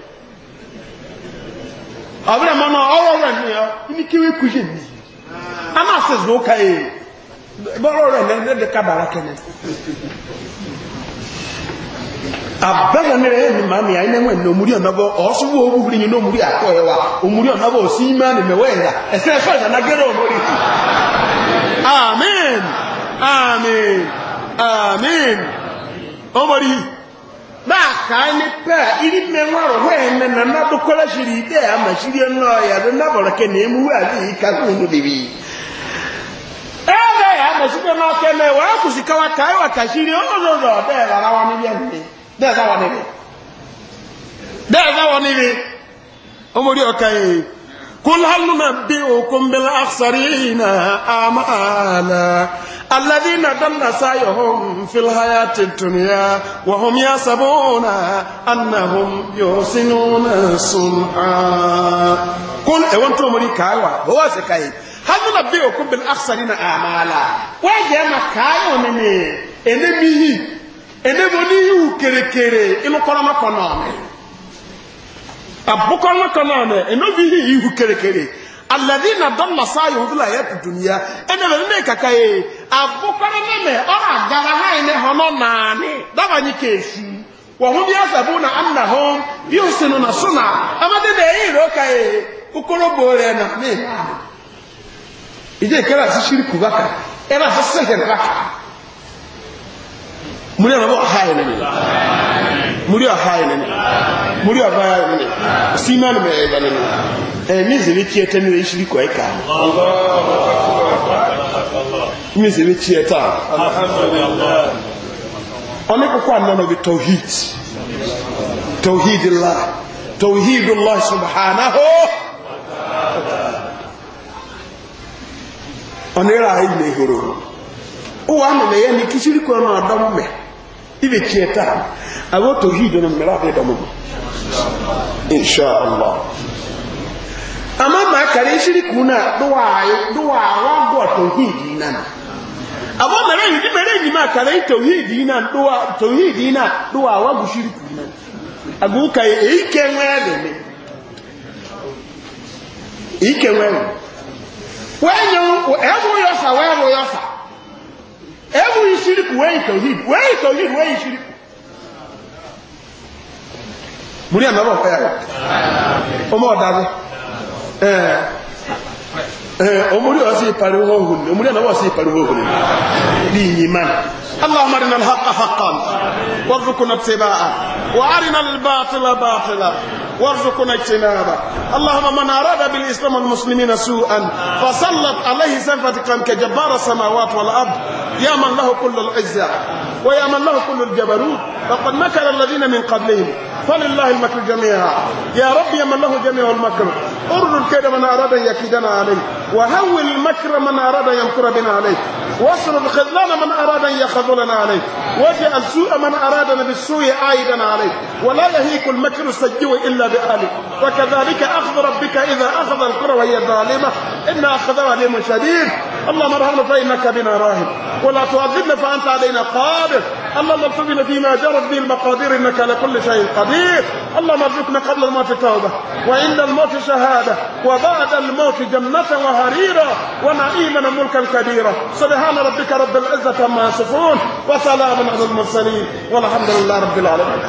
ọ̀bẹ̀rẹ̀ mọ́nà ọwọ́ rẹ̀ ní e. ọ ní kí wíkú ṣe ní na ló ka èyí bọ́rọ̀ rẹ̀ lẹ́nu ẹ̀dẹ̀ kábàárà kẹ́nẹ́ abẹ́rẹ́ ní rẹ̀ ní màmí àyín ẹ̀wọ̀n ní omúrí ọ̀nàbọ̀ ọ̀ọ́sùn wo owó yín ní omúrí àkọ́ ẹ̀ wa omúrí ọ̀nàbọ̀ òsì ìmọ̀ ní mẹ́wọ́ ẹ̀yà ẹ̀sẹ̀ ẹ̀fọ́ n'aka ni pɛ iri mɛnwaro hɔɛ nana na do kɔlɔsi ri dɛ ama si yɛ nɔ ya do na bɔrɔ kɛ n'emu wa bi yi ka k'o nu bibi ɛɛ ya ama si yɛ nɔ kɛ mɛ wa kusi kawa ka yi wa ka si ri o lɔ lɔ dɛ ɛzara wa ni bɛ ni dɛ ɛzara wa ni bi dɛ ɛzara wa ni bi كل هل ننبئكم بالأخسرين أعمالا الذين دل سعيهم في الحياة الدنيا وهم يحسبون أنهم يحسنون كل قل تومري أمريكا هو سكاي هل ننبئكم بالأخسرين أعمالا ويجي أنا كاي ونمي إنمي إنمي إنمي كيري كيري إنمي كرامة كنامي abokɔnɔ kanaa nɛ enobi hi ihu kerekere alɛbi na dɔnna saa yɛ obi la yɛ tutumiya ɛnna e bɛ ne kaka ye abokɔnɔ nɛmɛ ɔna agara ha yi ne hɔ no naani daba nyi keesu wɔn ho bi asabu na ana hɔ yiwu sinu na so na amadi na eyi ro ka ye kokoro boore na mi ìdí ìkẹrẹ àti siri kuba kan ẹnna àti sẹkẹrẹ kan múlẹ̀ náà bọ̀ ha yẹn nínú. muri ahai nene muri abaya nene siman me eba nene eh mizi bitie tani we ishiri kwa eka mizi bitie ta alhamdulillah oneko kwa nana bi tauhid tauhidillah tauhidullah subhanahu onera ayi ne horo o wa me ye ni kishiri kwa na adamu me ibe tie awo tauhid ne mera de da mu insha Allah amma ma kare shirku na duwa duwa wa go tauhid na awo mera yi mera yi ma kare tauhid na duwa tauhid na duwa wa go shirku na ago kai e kenwe de me e kenwe wenyo ebu yosa webu yosa ebu shirku wey tauhid wey tauhid wey shirku muri ẹ̀ mẹ́bọ̀ fẹ́ rẹ̀ ọmọ ọ̀dáru ọmọ orí ọ̀sí ìpariwo ohun ọmọ orí ọ̀sí ìpariwo ohun ní ìyìn اللهم ارنا الحق حقا وارزقنا اتباعه وارنا الباطل باطلا وارزقنا اجتنابه اللهم من اراد بالاسلام والمسلمين سوءا فسلط عليه سيف كجبار السماوات والارض يا من له كل العزه ويا من له كل الجبروت فقد مكر الذين من قبلهم فلله المكر جميعا يا رب يا من له جميع المكر ارد الكيد من اراد ان يكيدنا عليه وهول المكر من اراد ان يمكر بنا عليه واسر الخذلان من اراد ان يخذلنا فضلنا عليه واجعل السوء من أرادنا بالسوء عائدنا عليه ولا يهيك المكر السيء إلا بآله وكذلك أخذ ربك إذا أخذ القرى وهي ظالمة إن أخذها لهم شديد اللهم ارحمنا فإنك بنا راهب ولا تؤذبنا فأنت علينا قادر اللهم ارزقنا فيما جرت به المقادير انك على كل شيء قدير اللهم ارزقنا قبل الموت توبه وان الموت شهاده وبعد الموت جنه وهريرا ونعيما ملكا كبيرا سبحان ربك رب العزه عما يصفون وسلام على المرسلين والحمد لله رب العالمين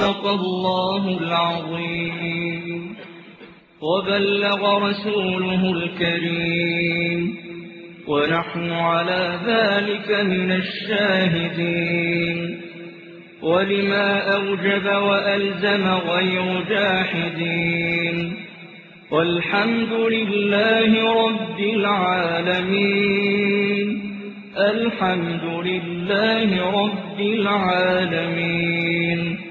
صدق الله العظيم وبلغ رسوله الكريم ونحن على ذلك من الشاهدين ولما أوجب وألزم غير جاحدين والحمد لله رب العالمين الحمد لله رب العالمين